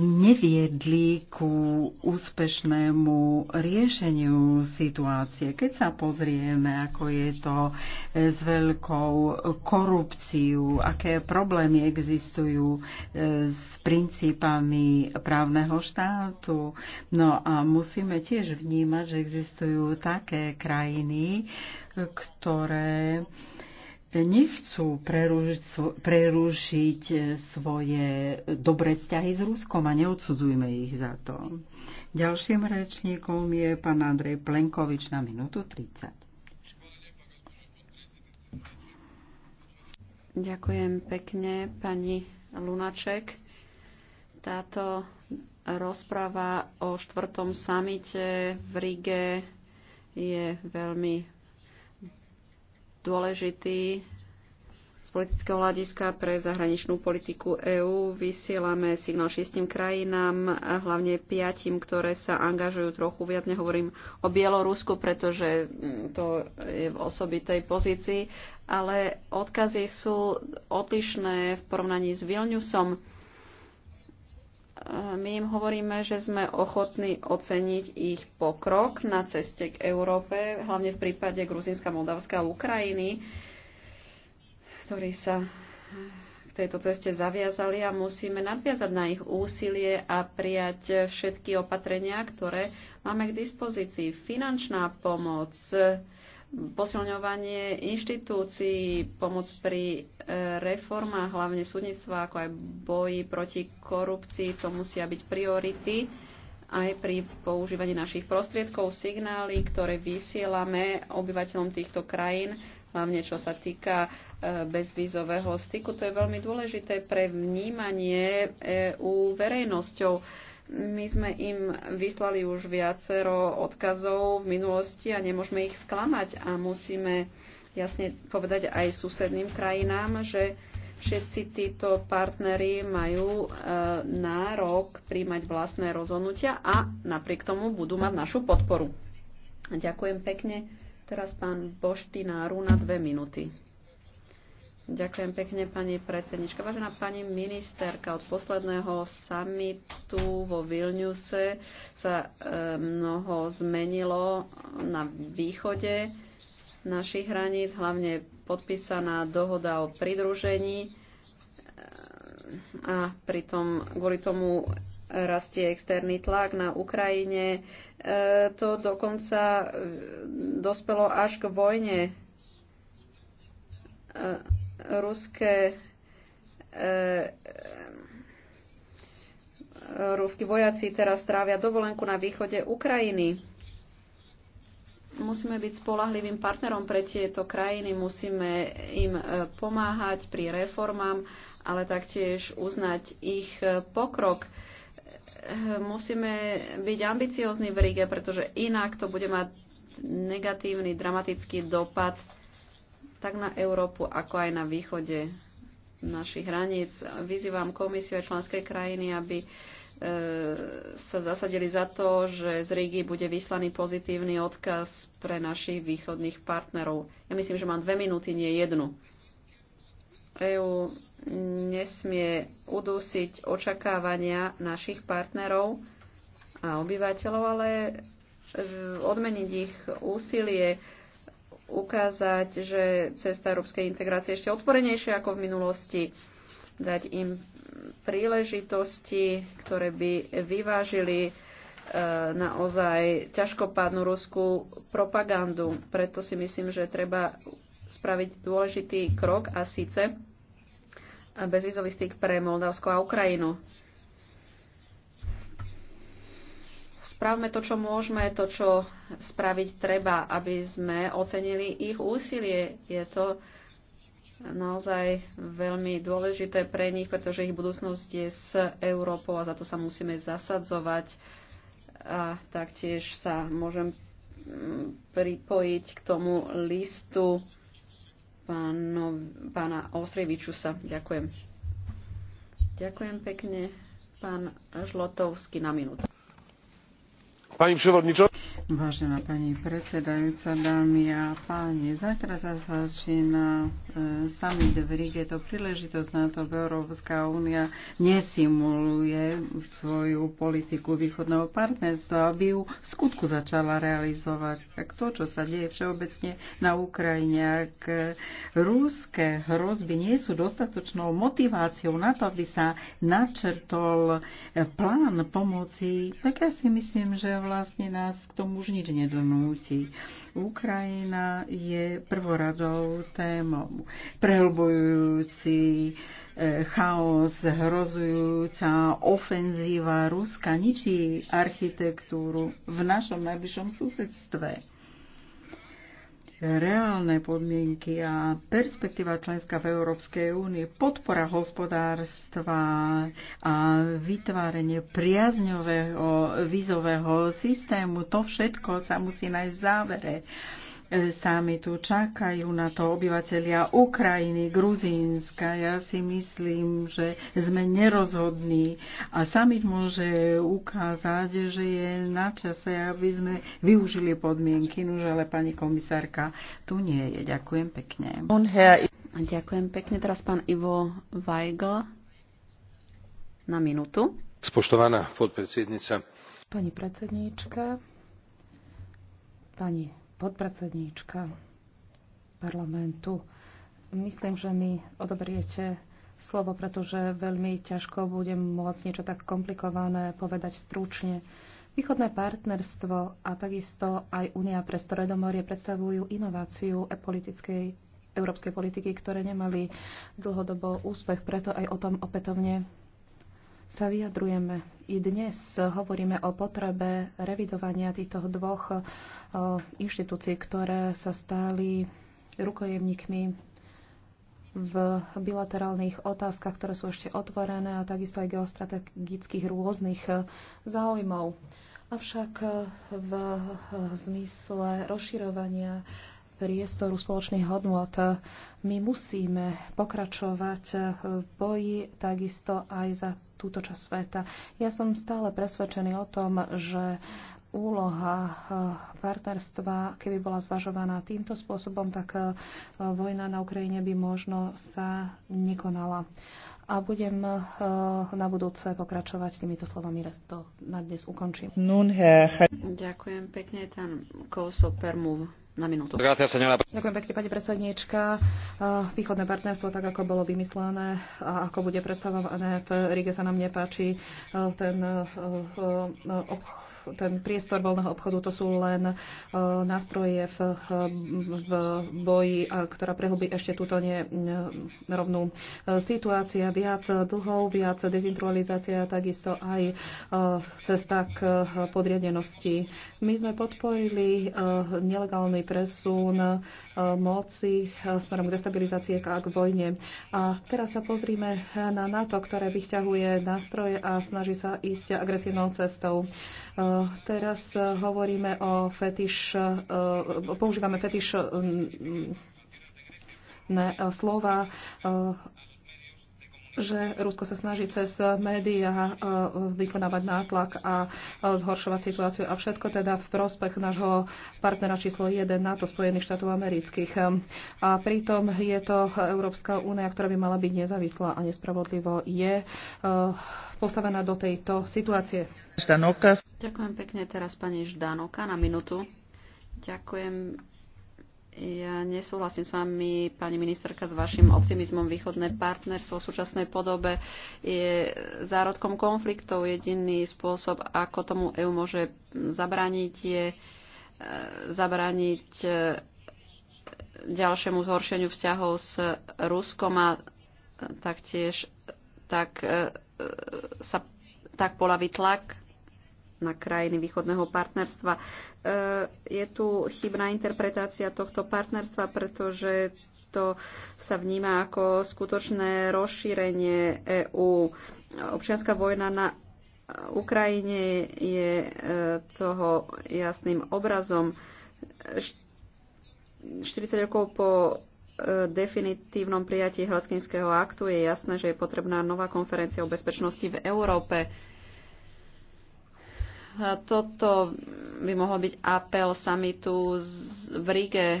neviedli ku úspešnému riešeniu situácie. Keď sa pozrieme, ako je to e, s veľkou korupciou, aké problémy existujú e, s princípami právneho štátu, no a musíme tiež vnímať, že existujú také krajiny, ktoré nechcú prerušiť, prerušiť svoje dobré vzťahy s Ruskom a neodsudzujme ich za to. Ďalším rečníkom je pán Andrej Plenkovič na minútu 30. Ďakujem pekne, pani Lunaček. Táto rozpráva o štvrtom samite v Rige je veľmi dôležitý z politického hľadiska pre zahraničnú politiku EÚ. Vysielame signál šiestim krajinám, a hlavne piatim, ktoré sa angažujú trochu viac. Nehovorím o Bielorusku, pretože mm, to je v osobitej pozícii, ale odkazy sú odlišné v porovnaní s Vilniusom my im hovoríme, že sme ochotní oceniť ich pokrok na ceste k Európe, hlavne v prípade Gruzinska, Moldavska a Ukrajiny, ktorí sa k tejto ceste zaviazali a musíme nadviazať na ich úsilie a prijať všetky opatrenia, ktoré máme k dispozícii. Finančná pomoc, posilňovanie inštitúcií, pomoc pri e, reformách, hlavne súdnictva, ako aj boji proti korupcii, to musia byť priority aj pri používaní našich prostriedkov, signály, ktoré vysielame obyvateľom týchto krajín, hlavne čo sa týka e, bezvízového styku. To je veľmi dôležité pre vnímanie EU verejnosťou my sme im vyslali už viacero odkazov v minulosti a nemôžeme ich sklamať a musíme jasne povedať aj susedným krajinám, že všetci títo partnery majú e, nárok príjmať vlastné rozhodnutia a napriek tomu budú mať našu podporu. Ďakujem pekne. Teraz pán Boštináru na dve minúty. Ďakujem pekne, pani predsednička. Vážená pani ministerka, od posledného samitu vo Vilniuse sa e, mnoho zmenilo na východe našich hraníc, hlavne podpísaná dohoda o pridružení e, a pritom kvôli tomu rastie externý tlak na Ukrajine. E, to dokonca dospelo až k vojne ruské e, e, ruskí vojaci teraz trávia dovolenku na východe Ukrajiny. Musíme byť spolahlivým partnerom pre tieto krajiny, musíme im e, pomáhať pri reformám, ale taktiež uznať ich pokrok. Musíme byť ambiciozni v Ríge, pretože inak to bude mať negatívny, dramatický dopad tak na Európu, ako aj na východe našich hraníc. Vyzývam komisiu a členské krajiny, aby e, sa zasadili za to, že z Rígy bude vyslaný pozitívny odkaz pre našich východných partnerov. Ja myslím, že mám dve minúty, nie jednu. EÚ nesmie udusiť očakávania našich partnerov a obyvateľov, ale odmeniť ich úsilie ukázať, že cesta európskej integrácie je ešte otvorenejšia ako v minulosti, dať im príležitosti, ktoré by vyvážili e, naozaj ťažkopádnu ruskú propagandu. Preto si myslím, že treba spraviť dôležitý krok a síce bezvizový styk pre Moldavsko a Ukrajinu. Spravme to, čo môžeme, to, čo spraviť treba, aby sme ocenili ich úsilie. Je to naozaj veľmi dôležité pre nich, pretože ich budúcnosť je s Európou a za to sa musíme zasadzovať. A taktiež sa môžem mm, pripojiť k tomu listu páno, pána Ostrievičusa. Ďakujem. Ďakujem pekne. Pán Žlotovský na minútu. Pani przewodnicząca. Vážená pani predsedajúca, dámy a páni, zajtra sa začína E, summit v Ríge, je to príležitosť na to, aby Európska únia nesimuluje svoju politiku východného partnerstva, aby ju v skutku začala realizovať. Ak to, čo sa deje všeobecne na Ukrajine, ak rúske hrozby nie sú dostatočnou motiváciou na to, aby sa načrtol plán pomoci, tak ja si myslím, že vlastne nás k tomu už nič nedonúti. Ukrajina je prvoradou témou problému. Prehlbujúci e, chaos, hrozujúca ofenzíva Ruska ničí architektúru v našom najbližšom susedstve. Reálne podmienky a perspektíva členská v Európskej únie, podpora hospodárstva a vytvárenie priazňového vízového systému, to všetko sa musí nájsť v závere. Sami tu čakajú na to obyvateľia Ukrajiny, Gruzínska. Ja si myslím, že sme nerozhodní a sami môže ukázať, že je na čase, aby sme využili podmienky. Nuž, ale pani komisárka tu nie je. Ďakujem pekne. Ďakujem pekne. Teraz pán Ivo Weigl na minútu. Spoštovaná podpredsednica. Pani predsedníčka, pani podpredsedníčka parlamentu. Myslím, že mi odobriete slovo, pretože veľmi ťažko budem môcť niečo tak komplikované povedať stručne. Východné partnerstvo a takisto aj Únia pre Stredomorie predstavujú inováciu e politickej, európskej politiky, ktoré nemali dlhodobo úspech, preto aj o tom opätovne sa vyjadrujeme. I dnes hovoríme o potrebe revidovania týchto dvoch inštitúcií, ktoré sa stali rukojemníkmi v bilaterálnych otázkach, ktoré sú ešte otvorené a takisto aj geostrategických rôznych e, záujmov. Avšak e, v e, zmysle rozširovania priestoru spoločných hodnot. My musíme pokračovať v boji takisto aj za túto časť sveta. Ja som stále presvedčený o tom, že úloha eh, partnerstva, keby bola zvažovaná týmto spôsobom, tak eh, vojna na Ukrajine by možno sa nekonala. A budem eh, na budúce pokračovať týmito slovami, to na dnes ukončím. Ďakujem pekne, tam Kosopermov na minútu. Ďakujem pekne, pani predsedníčka. Eh, východné partnerstvo, tak ako bolo vymyslené a ako bude predstavované v Ríge, sa nám nepáči. Eh, ten eh, obchod ten priestor voľného obchodu to sú len e, nástroje v, v boji, e, ktorá prehlbí ešte túto nerovnú e, situácia. Viac dlhov, viac dezintroalizácia, takisto aj cesta k podriadenosti. My sme podporili nelegálny presun moci smerom k destabilizácii a k vojne. A teraz sa pozrime na NATO, ktoré vyťahuje nástroje a snaží sa ísť agresívnou cestou. E, teraz e, hovoríme o fetiš, e, používame fetiš na slova že Rusko sa snaží cez médiá e, vykonávať nátlak a e, zhoršovať situáciu a všetko teda v prospech nášho partnera číslo 1 NATO Spojených štátov amerických. E, a pritom je to Európska únia, ktorá by mala byť nezávislá a nespravodlivo je postavená do tejto situácie. Ždanoka. Ďakujem pekne teraz pani Ždanoka na minútu. Ďakujem ja nesúhlasím s vami, pani ministerka, s vašim optimizmom. Východné partnerstvo v súčasnej podobe je zárodkom konfliktov. Jediný spôsob, ako tomu EU môže zabrániť, je e, zabrániť e, ďalšiemu zhoršeniu vzťahov s Ruskom a taktiež tak, e, sa, tak polaví tlak na krajiny východného partnerstva. E, je tu chybná interpretácia tohto partnerstva, pretože to sa vníma ako skutočné rozšírenie EÚ. Občianská vojna na Ukrajine je e, toho jasným obrazom. 40 rokov po e, definitívnom prijatí Helsinského aktu je jasné, že je potrebná nová konferencia o bezpečnosti v Európe toto by mohol byť apel samitu v Rige. E,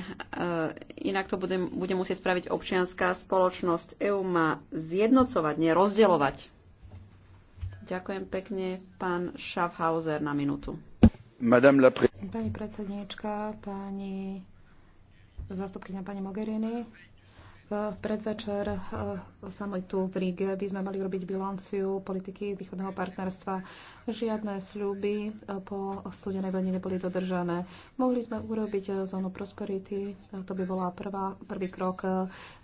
inak to bude, bude musieť spraviť občianská spoločnosť. EU má zjednocovať, nie rozdielovať. Ďakujem pekne, pán Schaffhauser, na minútu. Pani predsedníčka, pani zástupkynia pani Mogherini, v predvečer eh, samitu v Ríge by sme mali robiť bilanciu politiky východného partnerstva. Žiadne sľuby eh, po studenej vlne neboli dodržané. Mohli sme urobiť eh, zónu prosperity, to by bola prvá, prvý krok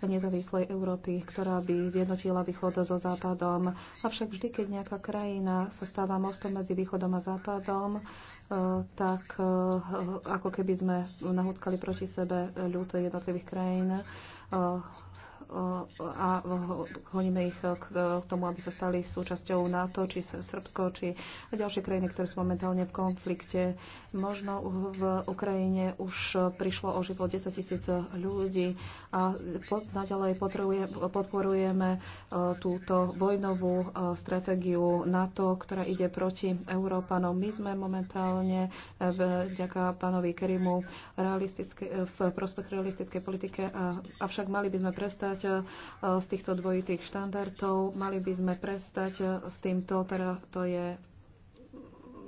nezávislej Európy, ktorá by zjednotila východ so západom. Avšak vždy, keď nejaká krajina sa stáva mostom medzi východom a západom, Eh, tak eh, ako keby sme nahúckali proti sebe ľud jednotlivých krajín eh, a honíme ich k tomu, aby sa stali súčasťou NATO, či Srbsko, či ďalšie krajiny, ktoré sú momentálne v konflikte. Možno v Ukrajine už prišlo o život 10 tisíc ľudí a naďalej podporujeme e, túto vojnovú e, stratégiu NATO, ktorá ide proti Európanom. My sme momentálne e, vďaka pánovi Kerimu v prospech realistickej politike, avšak mali by sme prestať prestať e, z týchto dvojitých štandardov, mali by sme prestať e, s týmto, teda to je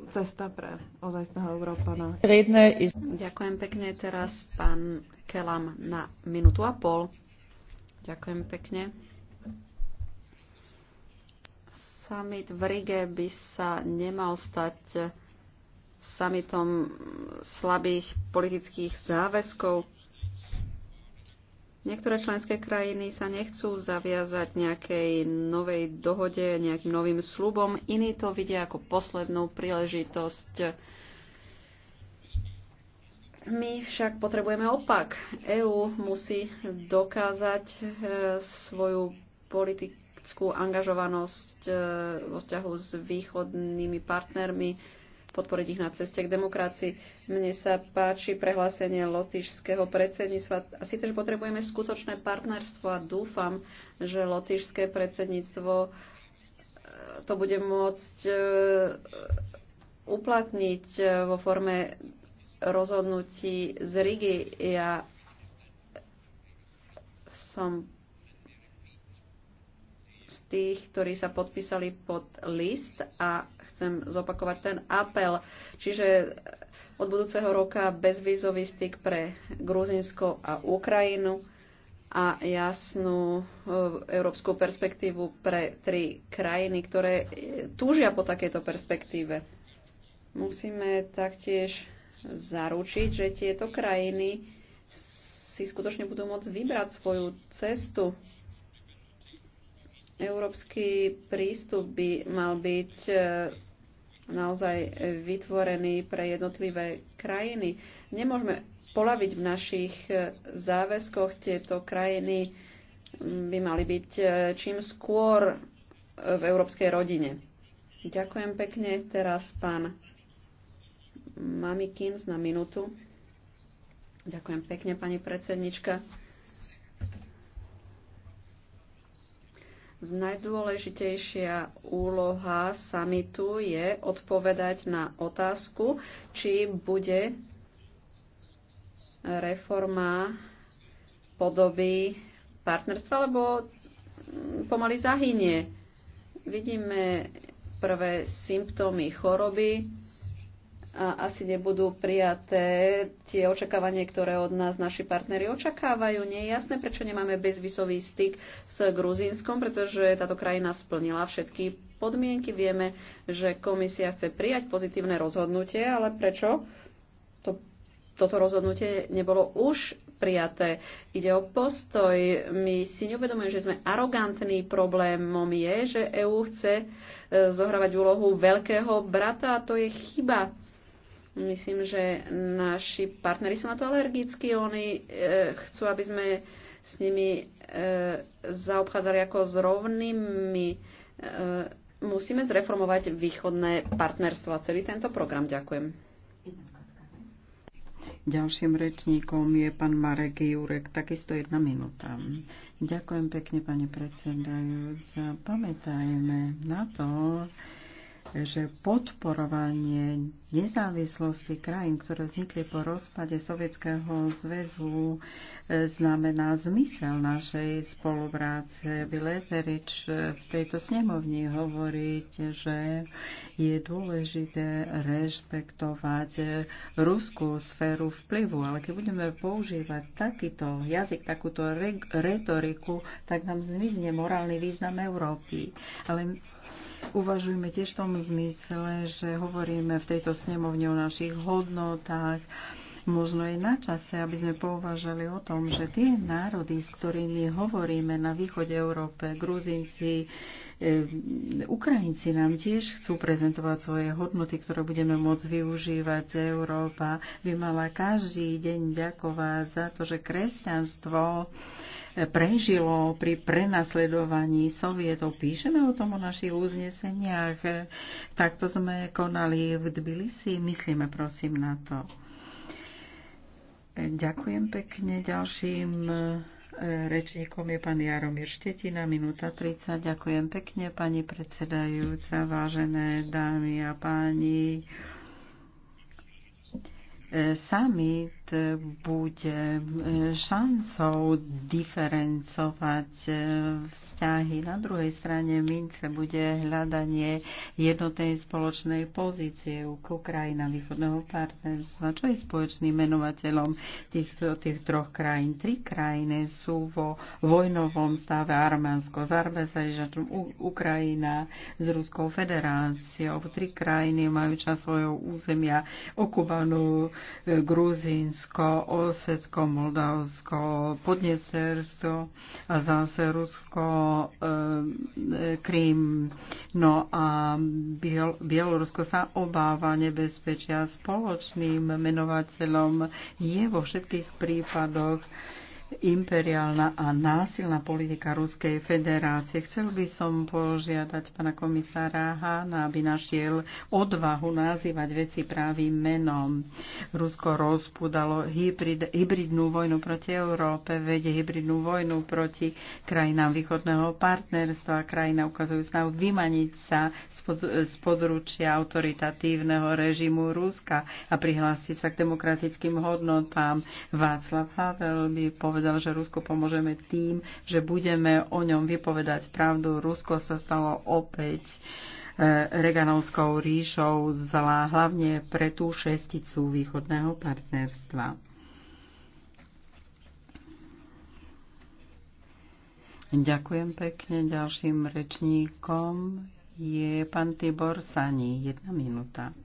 cesta pre ozajstného Európana. Ďakujem pekne teraz pán Kelam na minútu a pol. Ďakujem pekne. Summit v Rige by sa nemal stať e, summitom slabých politických záväzkov. Niektoré členské krajiny sa nechcú zaviazať nejakej novej dohode, nejakým novým slubom. Iní to vidia ako poslednú príležitosť. My však potrebujeme opak. EÚ musí dokázať e, svoju politickú angažovanosť e, vo vzťahu s východnými partnermi podporiť ich na ceste k demokracii. Mne sa páči prehlásenie lotyšského predsedníctva. A síce, že potrebujeme skutočné partnerstvo a dúfam, že lotyšské predsedníctvo e, to bude môcť e, uplatniť e, vo forme rozhodnutí z Rigi. Ja som z tých, ktorí sa podpísali pod list a chcem zopakovať ten apel. Čiže od budúceho roka bezvízový styk pre Gruzinsko a Ukrajinu a jasnú e, európsku perspektívu pre tri krajiny, ktoré e, túžia po takejto perspektíve. Musíme taktiež zaručiť, že tieto krajiny si skutočne budú môcť vybrať svoju cestu Európsky prístup by mal byť e, naozaj vytvorený pre jednotlivé krajiny. Nemôžeme polaviť v našich e, záväzkoch. Tieto krajiny by mali byť e, čím skôr v európskej rodine. Ďakujem pekne. Teraz pán Mamikins na minútu. Ďakujem pekne, pani predsednička. Najdôležitejšia úloha samitu je odpovedať na otázku, či bude reforma podoby partnerstva, alebo pomaly zahynie. Vidíme prvé symptómy choroby, a asi nebudú prijaté tie očakávanie, ktoré od nás naši partnery očakávajú. Nie je jasné, prečo nemáme bezvisový styk s Gruzínskom, pretože táto krajina splnila všetky podmienky. Vieme, že komisia chce prijať pozitívne rozhodnutie, ale prečo to, toto rozhodnutie nebolo už prijaté. Ide o postoj. My si neuvedomujeme, že sme arogantní. Problémom je, že EÚ chce e, zohrávať úlohu veľkého brata a to je chyba. Myslím, že naši partneri sú na to alergickí. Oni e, chcú, aby sme s nimi e, zaobchádzali ako s rovnými. E, musíme zreformovať východné partnerstvo a celý tento program. Ďakujem. Ďalším rečníkom je pán Marek Jurek, takisto jedna minúta. Ďakujem pekne, pani predsedajúca. Pamätajme na to, že podporovanie nezávislosti krajín, ktoré vznikli po rozpade Sovietskeho zväzu, e, znamená zmysel našej spolupráce. Bileterič v tejto snemovni hovoriť, že je dôležité rešpektovať ruskú sféru vplyvu, ale keď budeme používať takýto jazyk, takúto retoriku, tak nám zmizne morálny význam Európy. Ale uvažujme tiež v tom zmysle, že hovoríme v tejto snemovne o našich hodnotách. Možno je na čase, aby sme pouvažali o tom, že tie národy, s ktorými hovoríme na východe Európe, Gruzinci, eh, Ukrajinci nám tiež chcú prezentovať svoje hodnoty, ktoré budeme môcť využívať. Európa by mala každý deň ďakovať za to, že kresťanstvo prežilo pri prenasledovaní sovietov. Píšeme o tom o našich uzneseniach. Takto sme konali v Tbilisi. Myslíme prosím na to. Ďakujem pekne. Ďalším e, rečníkom je pán Jaromír Štetina, minúta 30. Ďakujem pekne, pani predsedajúca, vážené dámy a páni. E, sami bude eh, šancou diferencovať eh, vzťahy. Na druhej strane mince bude hľadanie jednotnej spoločnej pozície ku krajinám východného partnerstva. Čo je spoločným menovateľom týchto, tých troch krajín? Tri krajiny sú vo vojnovom stave Arménsko s Armézajžatom, Ukrajina s Ruskou federáciou. Tri krajiny majú čas svojho územia okupanú eh, Gruzín, Rumunsko, Osecko, Moldavsko, Podnecerstvo a zase Rusko, e, e, Krím. No a Biel- Bielorusko sa obáva nebezpečia. Spoločným menovateľom je vo všetkých prípadoch imperiálna a násilná politika Ruskej federácie. Chcel by som požiadať pana komisára Hána, aby našiel odvahu nazývať veci právým menom. Rusko rozpudalo hybrid, hybridnú vojnu proti Európe, vedie hybridnú vojnu proti krajinám východného partnerstva. Krajina ukazujú snahu vymaniť sa spod, z područia autoritatívneho režimu Ruska a prihlásiť sa k demokratickým hodnotám. Václav Havel by povedal, povedal, že Rusko pomôžeme tým, že budeme o ňom vypovedať pravdu. Rusko sa stalo opäť e, Reganovskou ríšou zlá hlavne pre tú šesticu východného partnerstva. Ďakujem pekne. Ďalším rečníkom je pán Tibor Sani. Jedna minúta.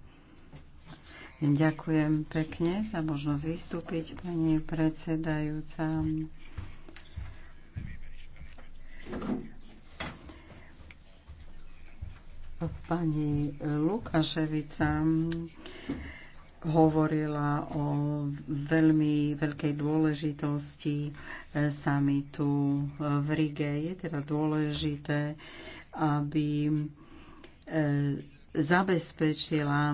Ďakujem pekne za možnosť vystúpiť, pani predsedajúca. Pani Lukaševica hovorila o veľmi veľkej dôležitosti samitu v Rige. Je teda dôležité, aby e, zabezpečila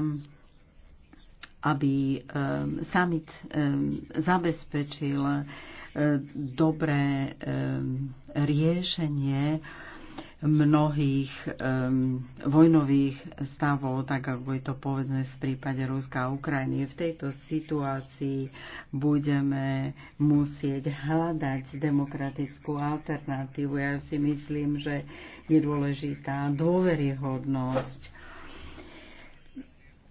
aby ehm, summit ehm, zabezpečil ehm, dobré riešenie mnohých vojnových stavov, tak ako je to povedzme v prípade Ruska a Ukrajiny. V tejto situácii budeme musieť hľadať demokratickú alternatívu. Ja si myslím, že je dôležitá dôveryhodnosť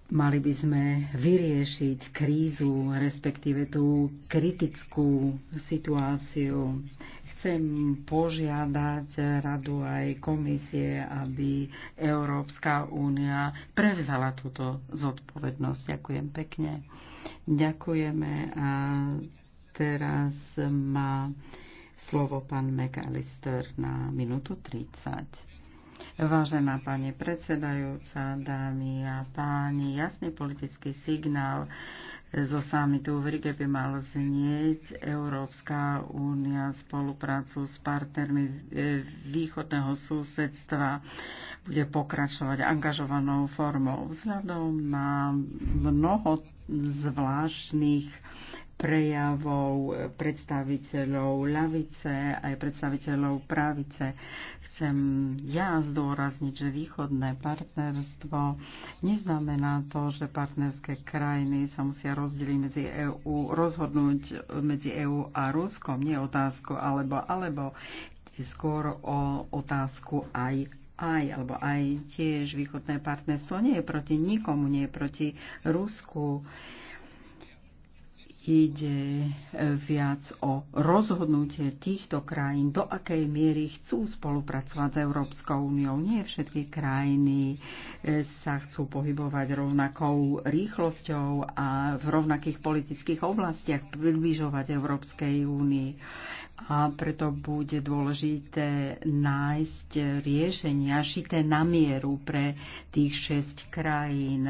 Mali by sme vyriešiť krízu, respektíve tú kritickú situáciu. Chcem požiadať radu aj komisie, aby Európska únia prevzala túto zodpovednosť. Ďakujem pekne. Ďakujeme a teraz má slovo pán McAllister na minútu 30. Vážená pani predsedajúca, dámy a páni, jasný politický signál zo samitu v Rige by mal znieť Európska únia spoluprácu s partnermi východného susedstva bude pokračovať angažovanou formou. Vzhľadom na mnoho zvláštnych prejavov predstaviteľov ľavice aj predstaviteľov pravice. Chcem ja zdôrazniť, že východné partnerstvo neznamená to, že partnerské krajiny sa musia rozdeliť medzi EU, rozhodnúť medzi EÚ a Ruskom, nie otázku alebo, alebo skôr o otázku aj aj, alebo aj tiež východné partnerstvo nie je proti nikomu, nie je proti Rusku. Uh, ide e, viac o rozhodnutie týchto krajín, do akej miery chcú spolupracovať s Európskou úniou. Nie všetky krajiny e, sa chcú pohybovať rovnakou rýchlosťou a v rovnakých politických oblastiach približovať Európskej únii. A preto bude dôležité nájsť riešenia šité na mieru pre tých šesť krajín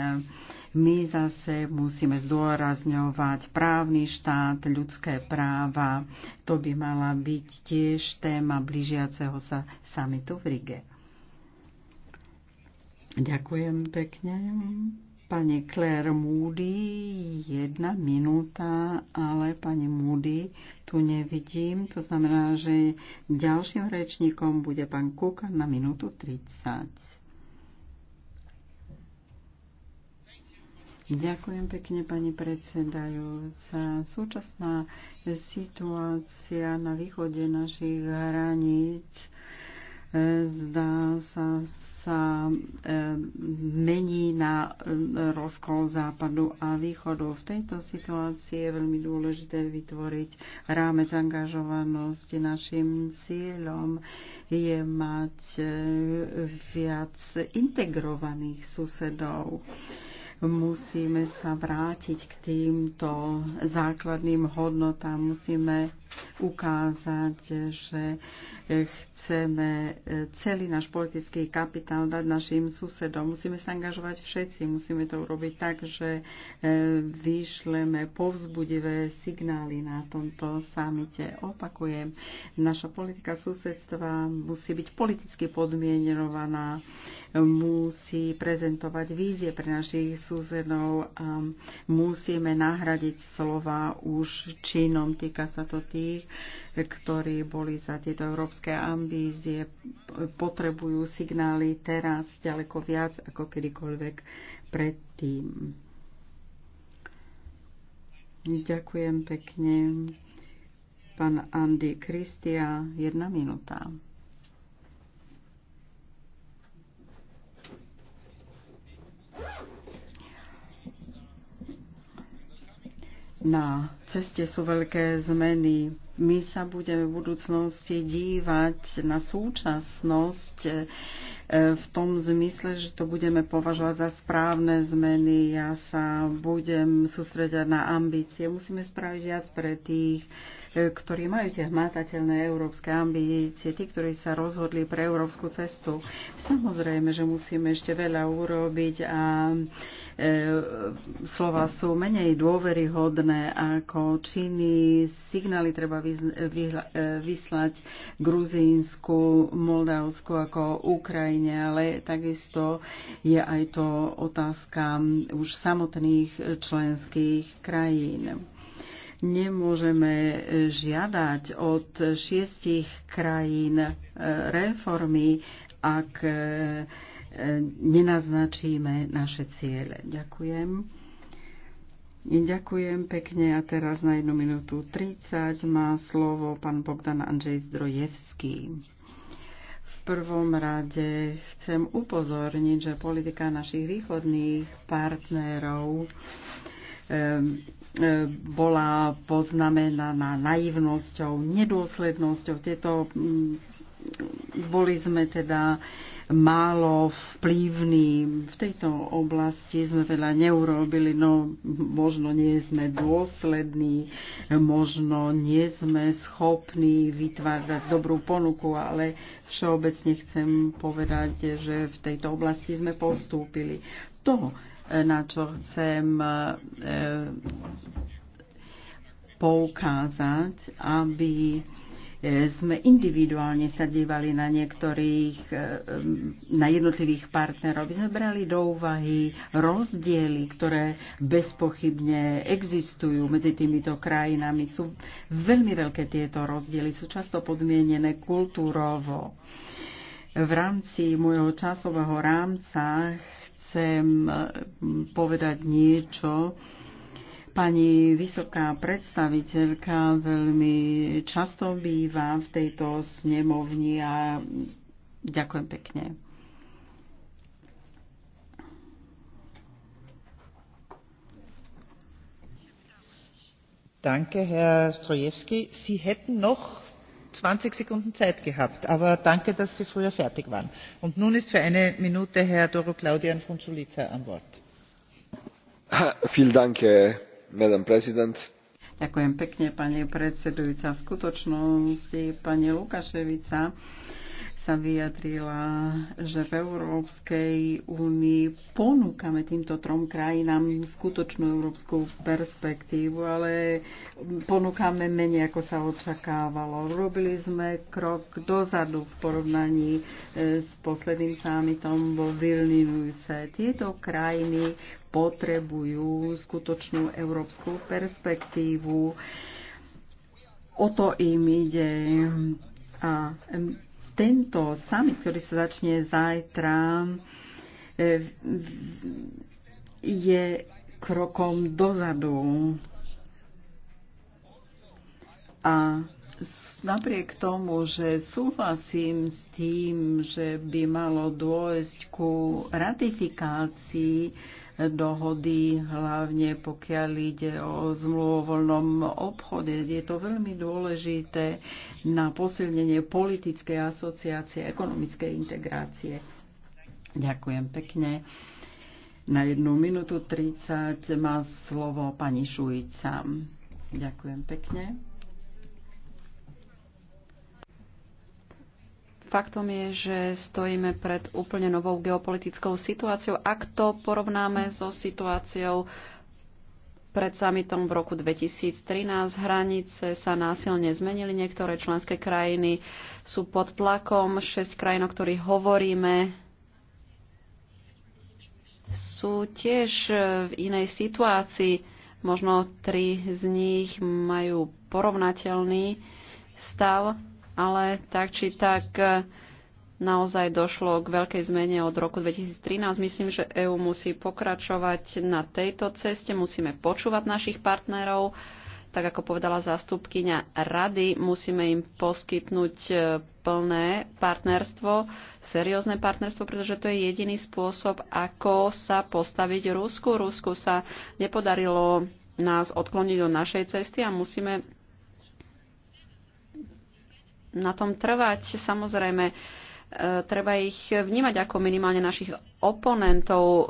my zase musíme zdôrazňovať právny štát, ľudské práva. To by mala byť tiež téma blížiaceho sa samitu v Rige. Ďakujem pekne. Pani Claire Moody, jedna minúta, ale pani Moody tu nevidím. To znamená, že ďalším rečníkom bude pán Kukan na minútu 30. Ďakujem pekne, pani predsedajúca. Súčasná situácia na východe našich hraníc e, zdá sa, sa e, mení na e, rozkol západu a východu. V tejto situácii je veľmi dôležité vytvoriť rámec angažovanosti. Našim cieľom je mať viac integrovaných susedov. Musíme sa vrátiť k týmto základným hodnotám, musíme ukázať, že chceme celý náš politický kapitál dať našim susedom. Musíme sa angažovať všetci, musíme to urobiť tak, že e, vyšleme povzbudivé signály na tomto samite. Opakujem, naša politika susedstva musí byť politicky podmienovaná, musí prezentovať vízie pre našich susedov a musíme nahradiť slova už činom. Týka sa to tých tých, ktorí boli za tieto európske ambízie, potrebujú signály teraz ďaleko viac ako kedykoľvek predtým. Ďakujem pekne. Pán Andy Kristia, jedna minúta. Na ceste sú veľké zmeny. My sa budeme v budúcnosti dívať na súčasnosť e, v tom zmysle, že to budeme považovať za správne zmeny. Ja sa budem sústredať na ambície. Musíme spraviť viac pre tých, E, ktorí majú tie hmatateľné európske ambície, tí, ktorí sa rozhodli pre európsku cestu. Samozrejme, že musíme ešte veľa urobiť a e, slova sú menej dôveryhodné ako činy. Signály treba e, vyslať Gruzínsku, Moldavsku ako Ukrajine, ale takisto je aj to otázka už samotných členských krajín. Nemôžeme e, žiadať od šiestich krajín e, reformy, ak e, nenaznačíme naše ciele. Ďakujem. Ďakujem pekne a teraz na 1 minútu 30 má slovo pán Bogdan Andrzej Zdrojevský. V prvom rade chcem upozorniť, že politika našich východných partnerov bola poznamenaná naivnosťou, nedôslednosťou. Tieto, mm, boli sme teda málo vplyvní. V tejto oblasti sme veľa neurobili, no možno nie sme dôslední, možno nie sme schopní vytvárať dobrú ponuku, ale všeobecne chcem povedať, že v tejto oblasti sme postúpili. To, na čo chcem e, poukázať, aby e, sme individuálne sa dívali na niektorých, e, na jednotlivých partnerov, aby sme brali do úvahy rozdiely, ktoré bezpochybne existujú medzi týmito krajinami. Sú veľmi veľké tieto rozdiely, sú často podmienené kultúrovo. V rámci môjho časového rámca chcem mm, povedať niečo. Pani vysoká predstaviteľka veľmi často býva v tejto snemovni a ďakujem pekne. Danke, Herr Strojewski. Sie hätten noch zwanzig sekunden zeit gehabt aber danke dass sie früher fertig waren. nun ist für eine minute herr doro claudian frunzulic an wort. Äh, Ďakujem pekne, pani predsedujúca. V skutočnosti pani Lukaševica sa vyjadrila, že v Európskej únii ponúkame týmto trom krajinám skutočnú európsku perspektívu, ale ponúkame menej, ako sa očakávalo. Robili sme krok dozadu v porovnaní e, s posledným summitom vo Vilniuse. Tieto krajiny potrebujú skutočnú európsku perspektívu. O to im ide. A tento summit, ktorý sa začne zajtra, e, je krokom dozadu. A napriek tomu, že súhlasím s tým, že by malo dôjsť ku ratifikácii dohody, hlavne pokiaľ ide o zmluvu o voľnom obchode. Je to veľmi dôležité na posilnenie politickej asociácie, ekonomickej integrácie. Ďakujem pekne. Na jednu minútu 30 má slovo pani Šujica. Ďakujem pekne. Faktom je, že stojíme pred úplne novou geopolitickou situáciou, ak to porovnáme so situáciou pred samitom v roku 2013. Hranice sa násilne zmenili, niektoré členské krajiny sú pod tlakom. Šesť krajín, o ktorých hovoríme, sú tiež v inej situácii. Možno tri z nich majú porovnateľný stav, ale tak či tak naozaj došlo k veľkej zmene od roku 2013. Myslím, že EÚ musí pokračovať na tejto ceste, musíme počúvať našich partnerov. Tak ako povedala zástupkyňa rady, musíme im poskytnúť e, plné partnerstvo, seriózne partnerstvo, pretože to je jediný spôsob, ako sa postaviť Rusku. Rusku sa nepodarilo nás odkloniť do našej cesty a musíme na tom trvať. Samozrejme, E, treba ich vnímať ako minimálne našich oponentov. E,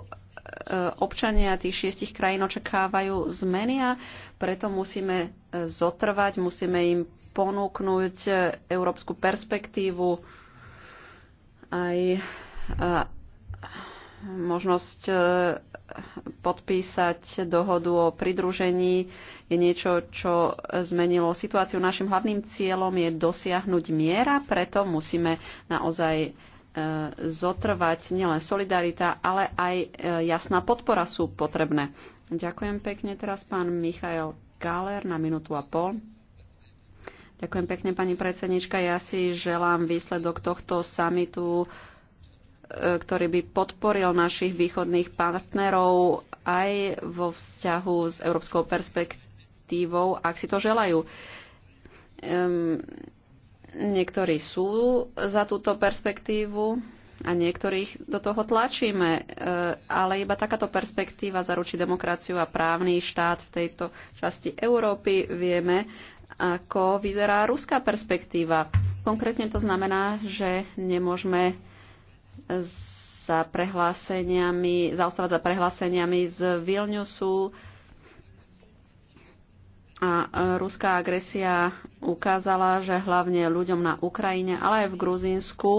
občania tých šiestich krajín očakávajú zmeny a preto musíme e, zotrvať, musíme im ponúknuť európsku perspektívu aj možnosť e, podpísať dohodu o pridružení je niečo, čo zmenilo situáciu. Našim hlavným cieľom je dosiahnuť miera, preto musíme naozaj e, zotrvať nielen solidarita, ale aj e, jasná podpora sú potrebné. Ďakujem pekne teraz pán Michail Galer na minútu a pol. Ďakujem pekne, pani predsednička. Ja si želám výsledok tohto samitu ktorý by podporil našich východných partnerov aj vo vzťahu s európskou perspektívou, ak si to želajú. Um, niektorí sú za túto perspektívu a niektorých do toho tlačíme, e, ale iba takáto perspektíva zaručí demokraciu a právny štát v tejto časti Európy. Vieme, ako vyzerá ruská perspektíva. Konkrétne to znamená, že nemôžeme za prehláseniami, zaostávať za prehláseniami z Vilniusu. A e, ruská agresia ukázala, že hlavne ľuďom na Ukrajine, ale aj v Gruzínsku,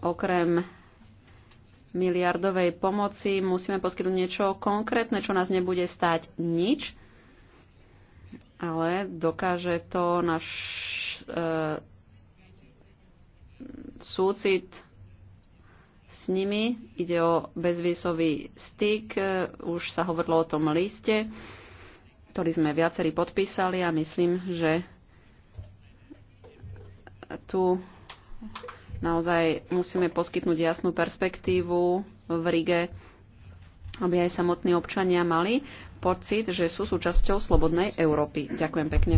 okrem miliardovej pomoci, musíme poskytnúť niečo konkrétne, čo nás nebude stáť nič, ale dokáže to náš e, súcit s nimi. Ide o bezvýsový styk. E, už sa hovorilo o tom liste, ktorý sme viacerí podpísali a myslím, že tu naozaj musíme poskytnúť jasnú perspektívu v Rige, aby aj samotní občania mali pocit, že sú súčasťou slobodnej Európy. Ďakujem pekne.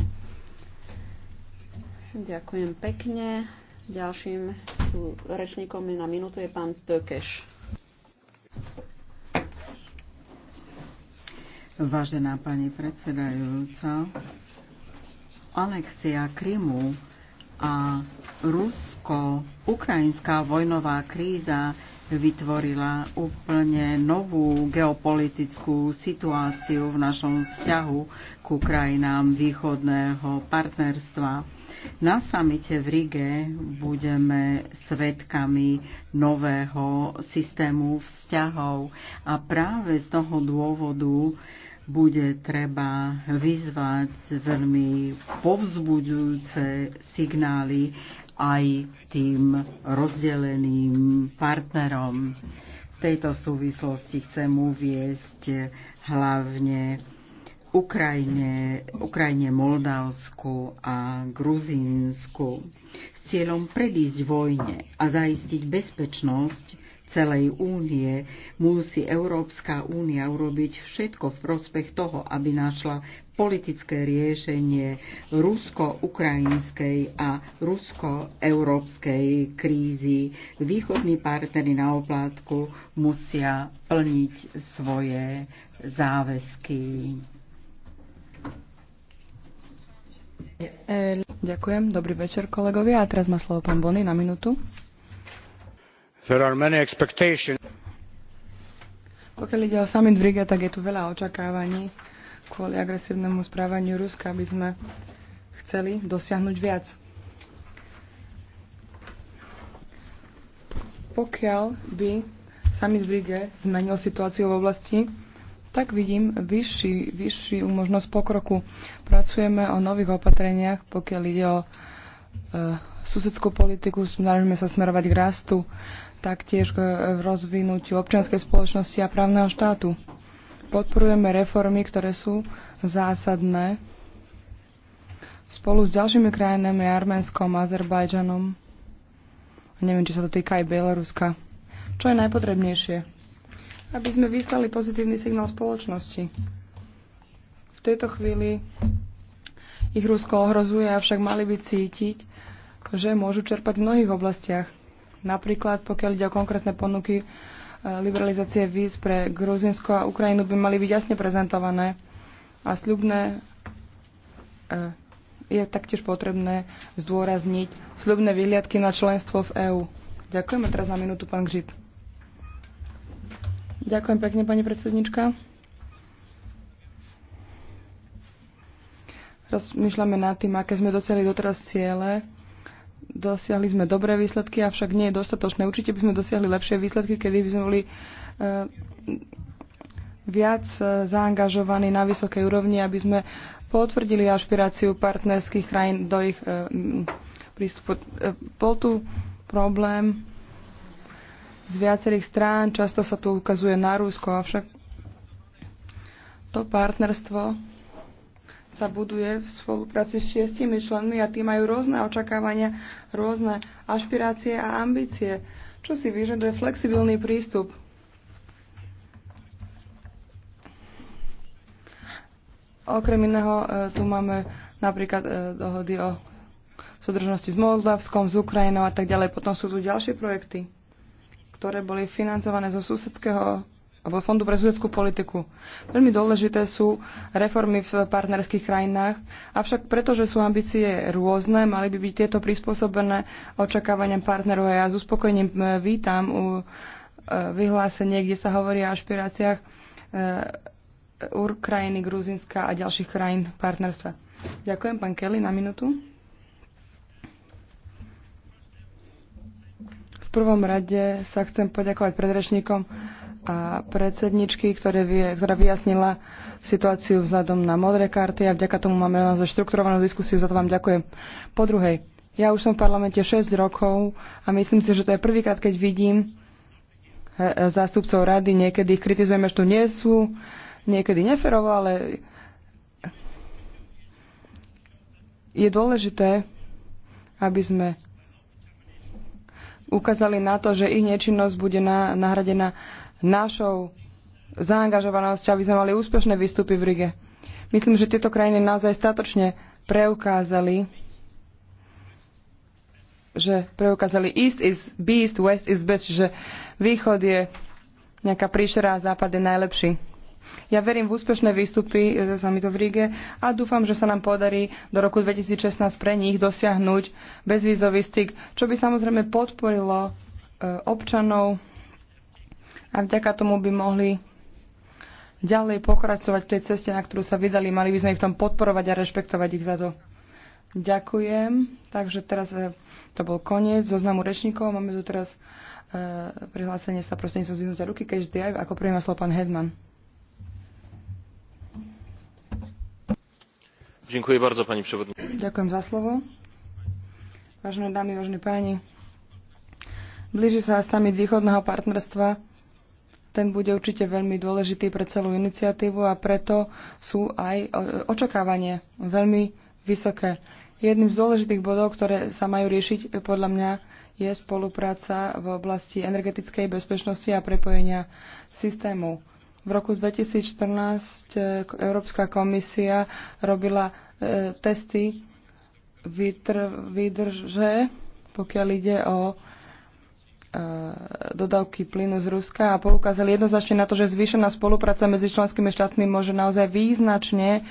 Ďakujem pekne. Ďalším rečníkom na minútu je pán Tökeš. Vážená pani predsedajúca, anexia Krymu a rusko-ukrajinská vojnová kríza vytvorila úplne novú geopolitickú situáciu v našom vzťahu k krajinám východného partnerstva na samite v Rige budeme svetkami nového systému vzťahov a práve z toho dôvodu bude treba vyzvať veľmi povzbudzujúce signály aj tým rozdeleným partnerom. V tejto súvislosti chcem uviesť hlavne Ukrajine, Ukrajine, Moldavsku a Gruzínsku s cieľom predísť vojne a zaistiť bezpečnosť celej únie, musí Európska únia urobiť všetko v prospech toho, aby našla politické riešenie rusko-ukrajinskej a rusko-európskej krízy. Východní partnery na oplátku musia plniť svoje záväzky. Eh, ďakujem. Dobrý večer, kolegovia. A teraz má slovo pán Bony na minútu. There are many expectations. Pokiaľ ide o summit v Riga, tak je tu veľa očakávaní kvôli agresívnemu správaniu Ruska, aby sme chceli dosiahnuť viac. Pokiaľ by summit v Rige zmenil situáciu v oblasti tak vidím vyšší, vyššiu možnosť pokroku. Pracujeme o nových opatreniach, pokiaľ ide o e, susedskú politiku, snažíme sa smerovať k rastu, taktiež k e, rozvinutiu občianskej spoločnosti a právneho štátu. Podporujeme reformy, ktoré sú zásadné spolu s ďalšími krajinami, Arménskom, Azerbajdžanom. Neviem, či sa to týka aj Bieloruska. Čo je najpotrebnejšie? aby sme vyslali pozitívny signál spoločnosti. V tejto chvíli ich Rusko ohrozuje, avšak mali by cítiť, že môžu čerpať v mnohých oblastiach. Napríklad, pokiaľ ide o konkrétne ponuky e, liberalizácie víz pre Gruzinsko a Ukrajinu, by mali byť jasne prezentované a sľubné e, je taktiež potrebné zdôrazniť sľubné vyhliadky na členstvo v EÚ. Ďakujeme teraz na minútu, pán Gžip. Ďakujem pekne, pani predsednička. Rozmýšľame nad tým, aké sme dosiahli doteraz ciele. Dosiahli sme dobré výsledky, avšak nie je dostatočné. Určite by sme dosiahli lepšie výsledky, kedy by sme boli uh, viac e, zaangažovaní na vysokej úrovni, aby sme potvrdili ašpiráciu partnerských krajín do ich uh, prístupu. Bol tu problém z viacerých strán, často sa tu ukazuje na Rusko, avšak to partnerstvo sa buduje v spolupráci s šiestimi členmi a tí majú rôzne očakávania, rôzne ašpirácie a ambície, čo si vyžaduje flexibilný prístup. Okrem iného e, tu máme napríklad e, dohody o súdržnosti s Moldavskom, s Ukrajinou a tak ďalej. Potom sú tu ďalšie projekty ktoré boli financované zo susedského alebo Fondu pre susedskú politiku. Veľmi dôležité sú reformy v partnerských krajinách, avšak pretože sú ambície rôzne, mali by byť tieto prispôsobené očakávaniam partnerov. A ja s uspokojením e, vítam u e, vyhlásenie, kde sa hovorí o ašpiráciách e, Ukrajiny, Gruzinska a ďalších krajín partnerstva. Ďakujem, pán Kelly, na minútu. prvom rade sa chcem poďakovať predrečníkom a predsedničky, ktoré, ktorá vyjasnila situáciu vzhľadom na modré karty a vďaka tomu máme naozaj štrukturovanú diskusiu, za to vám ďakujem. Po druhej, ja už som v parlamente 6 rokov a myslím si, že to je prvýkrát, keď vidím e, e, zástupcov rady, niekedy ich kritizujeme, že tu nie sú, niekedy neferovo, ale je dôležité, aby sme ukázali na to, že ich nečinnosť bude na, nahradená našou zaangažovanosťou, aby sme mali úspešné výstupy v Rige. Myslím, že tieto krajiny naozaj statočne preukázali, že preukázali East is beast, West is best, že východ je nejaká príšera a západ je najlepší. Ja verím v úspešné výstupy e, samitu v Ríge a dúfam, že sa nám podarí do roku 2016 pre nich dosiahnuť bezvýzový styk, čo by samozrejme podporilo e, občanov a vďaka tomu by mohli ďalej pokračovať v tej ceste, na ktorú sa vydali. Mali by sme ich v tom podporovať a rešpektovať ich za to. Ďakujem. Takže teraz e, to bol koniec zoznamu rečníkov. Máme tu teraz prihlásenie sa prosím prostredníctvom zvyknutia ruky, keďže aj ako prvý má slovo pán Hedman. Ďakujem bardzo, pani Ďakujem za slovo. Vážené dámy, vážení páni, blíži sa samit východného partnerstva. Ten bude určite veľmi dôležitý pre celú iniciatívu a preto sú aj e, očakávanie veľmi vysoké. Jedným z dôležitých bodov, ktoré sa majú riešiť, e, podľa mňa, je spolupráca v oblasti energetickej bezpečnosti a prepojenia systémov. V roku 2014 e, Európska komisia robila e, testy vytr- výdrže, pokiaľ ide o e, dodávky plynu z Ruska a poukázali jednoznačne na to, že zvýšená spolupráca medzi členskými štátmi môže naozaj význačne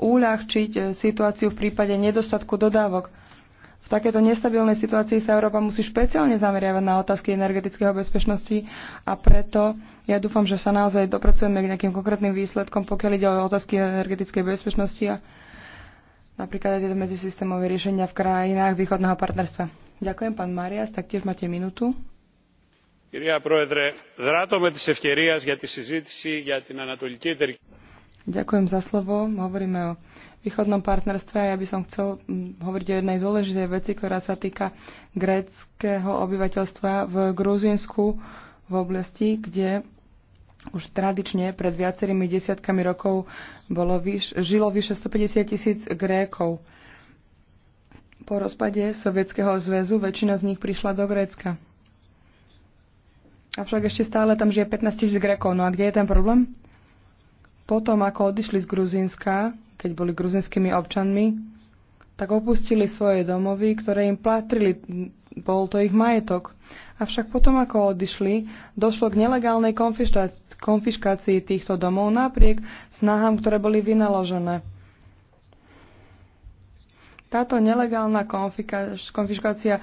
uľahčiť e, situáciu v prípade nedostatku dodávok. V takejto nestabilnej situácii sa Európa musí špeciálne zameriavať na otázky energetického bezpečnosti a preto ja dúfam, že sa naozaj dopracujeme k nejakým konkrétnym výsledkom, pokiaľ ide o otázky energetickej bezpečnosti a napríklad aj tieto medzisystémové riešenia v krajinách východného partnerstva. Ďakujem, pán Marias, taktiež máte minútu. Ďakujem za slovo. Hovoríme o východnom partnerstve a ja by som chcel mm, hovoriť o jednej dôležitej veci, ktorá sa týka gréckého obyvateľstva v Gruzínsku v oblasti, kde už tradične pred viacerými desiatkami rokov bolo vyš, žilo vyše 150 tisíc Grékov. Po rozpade Sovietskeho zväzu väčšina z nich prišla do Grécka. Avšak ešte stále tam žije 15 tisíc Grékov. No a kde je ten problém? Potom, ako odišli z Gruzínska, keď boli gruzinskými občanmi, tak opustili svoje domovy, ktoré im platrili, bol to ich majetok. Avšak potom, ako odišli, došlo k nelegálnej konfiškácii týchto domov napriek snahám, ktoré boli vynaložené. Táto nelegálna konfiškácia e,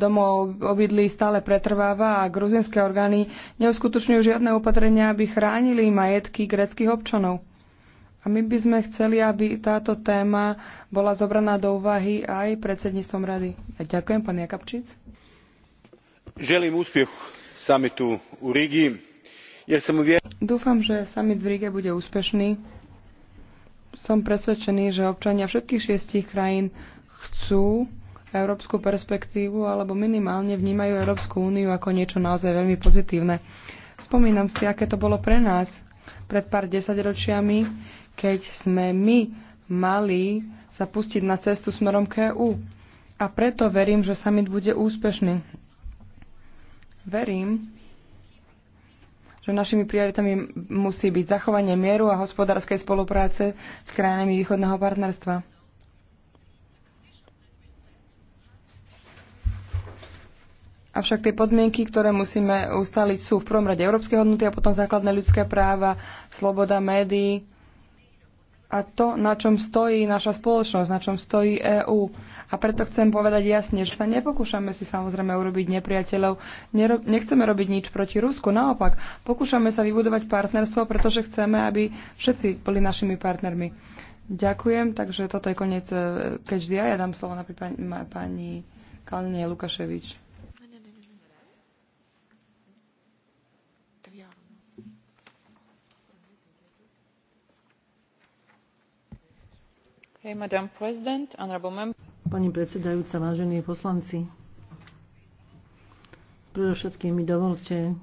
domov obydlí stále pretrváva a gruzinské orgány neuskutočňujú žiadne opatrenia, aby chránili majetky greckých občanov. A my by sme chceli, aby táto téma bola zobraná do úvahy aj predsedníctvom rady. A ďakujem, pán Jakabčic. Želím úspech samitu u Rigi, Ja som uvier... Dúfam, že samit v Rige bude úspešný som presvedčený, že občania všetkých šiestich krajín chcú európsku perspektívu alebo minimálne vnímajú Európsku úniu ako niečo naozaj veľmi pozitívne. Spomínam si, aké to bolo pre nás pred pár desaťročiami, keď sme my mali sa pustiť na cestu smerom k EU. A preto verím, že summit bude úspešný. Verím, že našimi prioritami musí byť zachovanie mieru a hospodárskej spolupráce s krajinami východného partnerstva. Avšak tie podmienky, ktoré musíme ustaliť, sú v prvom rade európske hodnoty a potom základné ľudské práva, sloboda médií a to, na čom stojí naša spoločnosť, na čom stojí EÚ. A preto chcem povedať jasne, že sa nepokúšame si samozrejme urobiť nepriateľov, nero- nechceme robiť nič proti Rusku, naopak, pokúšame sa vybudovať partnerstvo, pretože chceme, aby všetci boli našimi partnermi. Ďakujem, takže toto je koniec e, Catch Ja dám slovo na pani, pani Kalnie Lukaševič. Hey, Madam President, honorable Member. Pani predsedajúca, vážení poslanci, predovšetkým mi dovolte,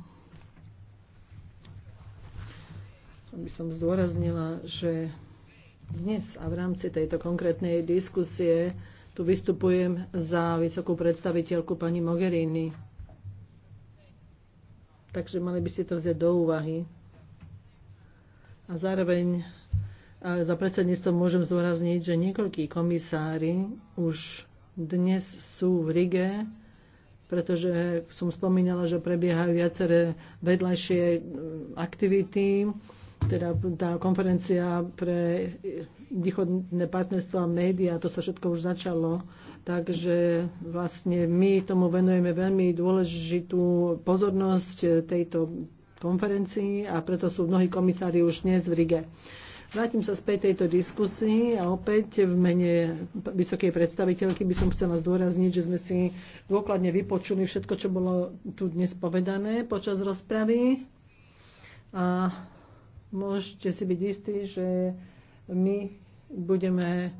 aby som zdôraznila, že dnes a v rámci tejto konkrétnej diskusie tu vystupujem za vysokú predstaviteľku pani Mogherini. Takže mali by ste to vziať do úvahy. A zároveň za predsedníctvo môžem zúrazniť, že niekoľkí komisári už dnes sú v Rige, pretože som spomínala, že prebiehajú viaceré vedľajšie aktivity, teda tá konferencia pre východné partnerstvo a médiá, to sa všetko už začalo. Takže vlastne my tomu venujeme veľmi dôležitú pozornosť tejto konferencii a preto sú mnohí komisári už dnes v Rige. Vrátim sa späť tejto diskusii a opäť v mene vysokej predstaviteľky by som chcela zdôrazniť, že sme si dôkladne vypočuli všetko, čo bolo tu dnes povedané počas rozpravy. A môžete si byť istí, že my budeme,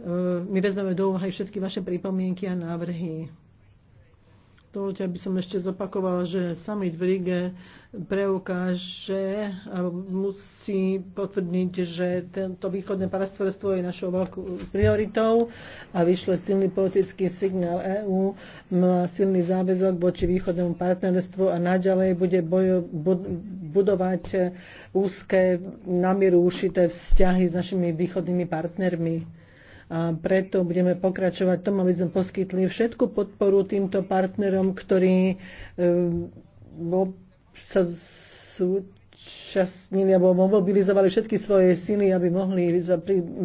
e, my vezmeme do úvahy všetky vaše pripomienky a návrhy. Dovolte, aby som ešte zopakovala, že summit v Rige preukáže a musí potvrdiť, že tento východné partnerstvo je našou veľkou prioritou a vyšle silný politický signál EÚ, má silný záväzok voči východnému partnerstvu a naďalej bude bojo, budovať úzke, namieru ušité vzťahy s našimi východnými partnermi a preto budeme pokračovať tom, aby sme poskytli všetku podporu týmto partnerom, ktorí eh, sa súčasnili alebo mobilizovali všetky svoje sily, aby mohli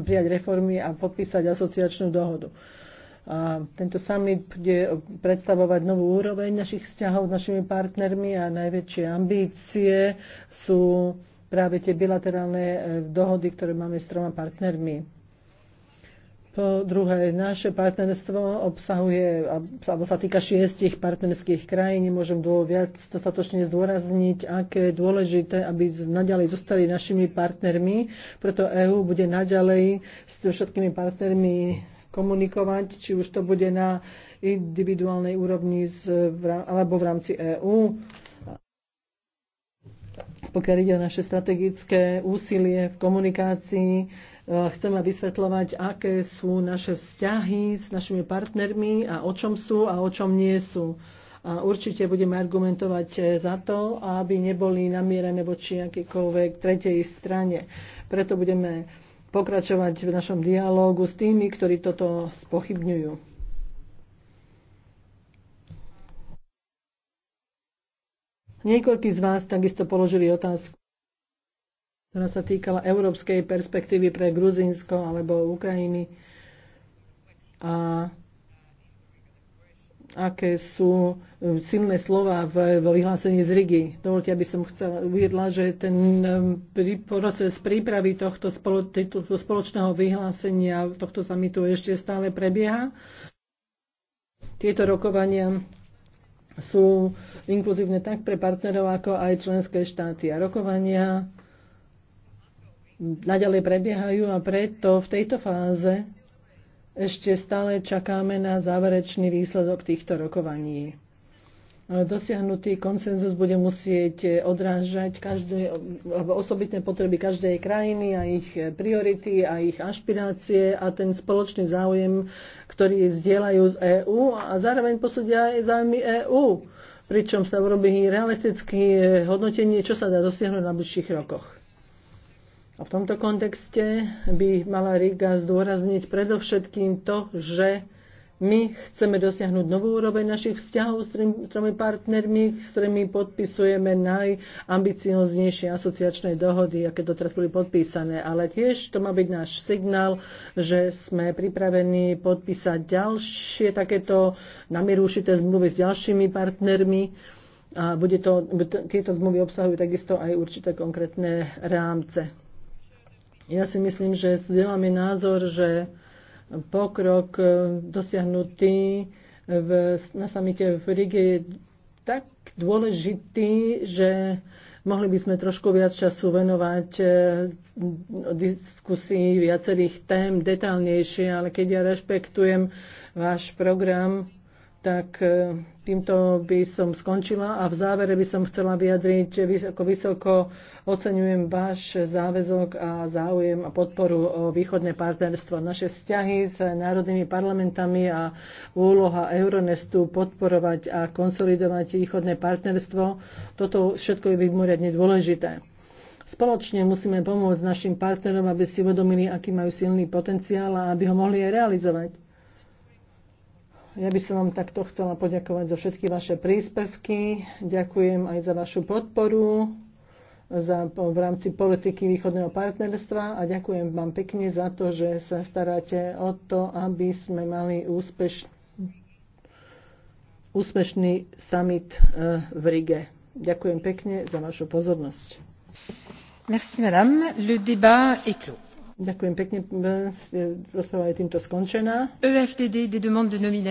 prijať reformy a podpísať asociačnú dohodu. A tento summit bude predstavovať novú úroveň našich vzťahov s našimi partnermi a najväčšie ambície sú práve tie bilaterálne eh, dohody, ktoré máme s troma partnermi. Po druhé, naše partnerstvo obsahuje, alebo sa týka šiestich partnerských krajín. Môžem dôvod viac dostatočne zdôrazniť, aké je dôležité, aby naďalej zostali našimi partnermi. Preto EÚ bude naďalej s všetkými partnermi komunikovať, či už to bude na individuálnej úrovni alebo v rámci EÚ. Pokiaľ ide o naše strategické úsilie v komunikácii, Eh, chceme vysvetľovať, aké sú naše vzťahy s našimi partnermi a o čom sú a o čom nie sú. A určite budeme argumentovať eh, za to, aby neboli namierené voči akýkoľvek tretej strane. Preto budeme pokračovať v našom dialógu s tými, ktorí toto spochybňujú. Niekoľkí z vás takisto položili otázku ktorá sa týkala európskej perspektívy pre Gruzinsko alebo Ukrajiny a aké sú e, silné slova vo vyhlásení z Rigi. Dovolte, aby som chcela, uviedla, že ten e, proces prípravy tohto spoločného vyhlásenia, tohto samitu ešte stále prebieha. Tieto rokovania sú inkluzívne tak pre partnerov, ako aj členské štáty. A rokovania naďalej prebiehajú a preto v tejto fáze ešte stále čakáme na záverečný výsledok týchto rokovaní. Dosiahnutý konsenzus bude musieť odrážať každé, alebo osobitné potreby každej krajiny a ich priority a ich ašpirácie a ten spoločný záujem, ktorý zdieľajú z EÚ a zároveň posúdia aj záujmy EÚ, pričom sa urobí realistické hodnotenie, čo sa dá dosiahnuť na bližších rokoch. A v tomto kontexte by mala Riga zdôrazniť predovšetkým to, že my chceme dosiahnuť novú úroveň našich vzťahov s tromi partnermi, s ktorými podpisujeme najambicioznejšie asociačné dohody, aké doteraz boli podpísané. Ale tiež to má byť náš signál, že sme pripravení podpísať ďalšie takéto namirúšité zmluvy s ďalšími partnermi. A bude to, tieto zmluvy obsahujú takisto aj určité konkrétne rámce. Ja si myslím, že zdieľame názor, že pokrok e, dosiahnutý e, v, na samite v Rige je tak dôležitý, že mohli by sme trošku viac času venovať e, diskusii viacerých tém detálnejšie, ale keď ja rešpektujem váš program, tak e, týmto by som skončila a v závere by som chcela vyjadriť, že vysoko, vysoko oceňujem váš záväzok a záujem a podporu o východné partnerstvo. Naše vzťahy s národnými parlamentami a úloha Euronestu podporovať a konsolidovať východné partnerstvo, toto všetko je vymoriadne dôležité. Spoločne musíme pomôcť našim partnerom, aby si uvedomili, aký majú silný potenciál a aby ho mohli aj realizovať ja by som vám takto chcela poďakovať za všetky vaše príspevky. Ďakujem aj za vašu podporu za, v rámci politiky východného partnerstva a ďakujem vám pekne za to, že sa staráte o to, aby sme mali úspešný úspešný summit eh, v Rige. Ďakujem pekne za vašu pozornosť. Merci, madame. Le débat est clos. Ďakujem pekne. Eh, rozpráva je týmto skončená. EFTD des demandes de nomination.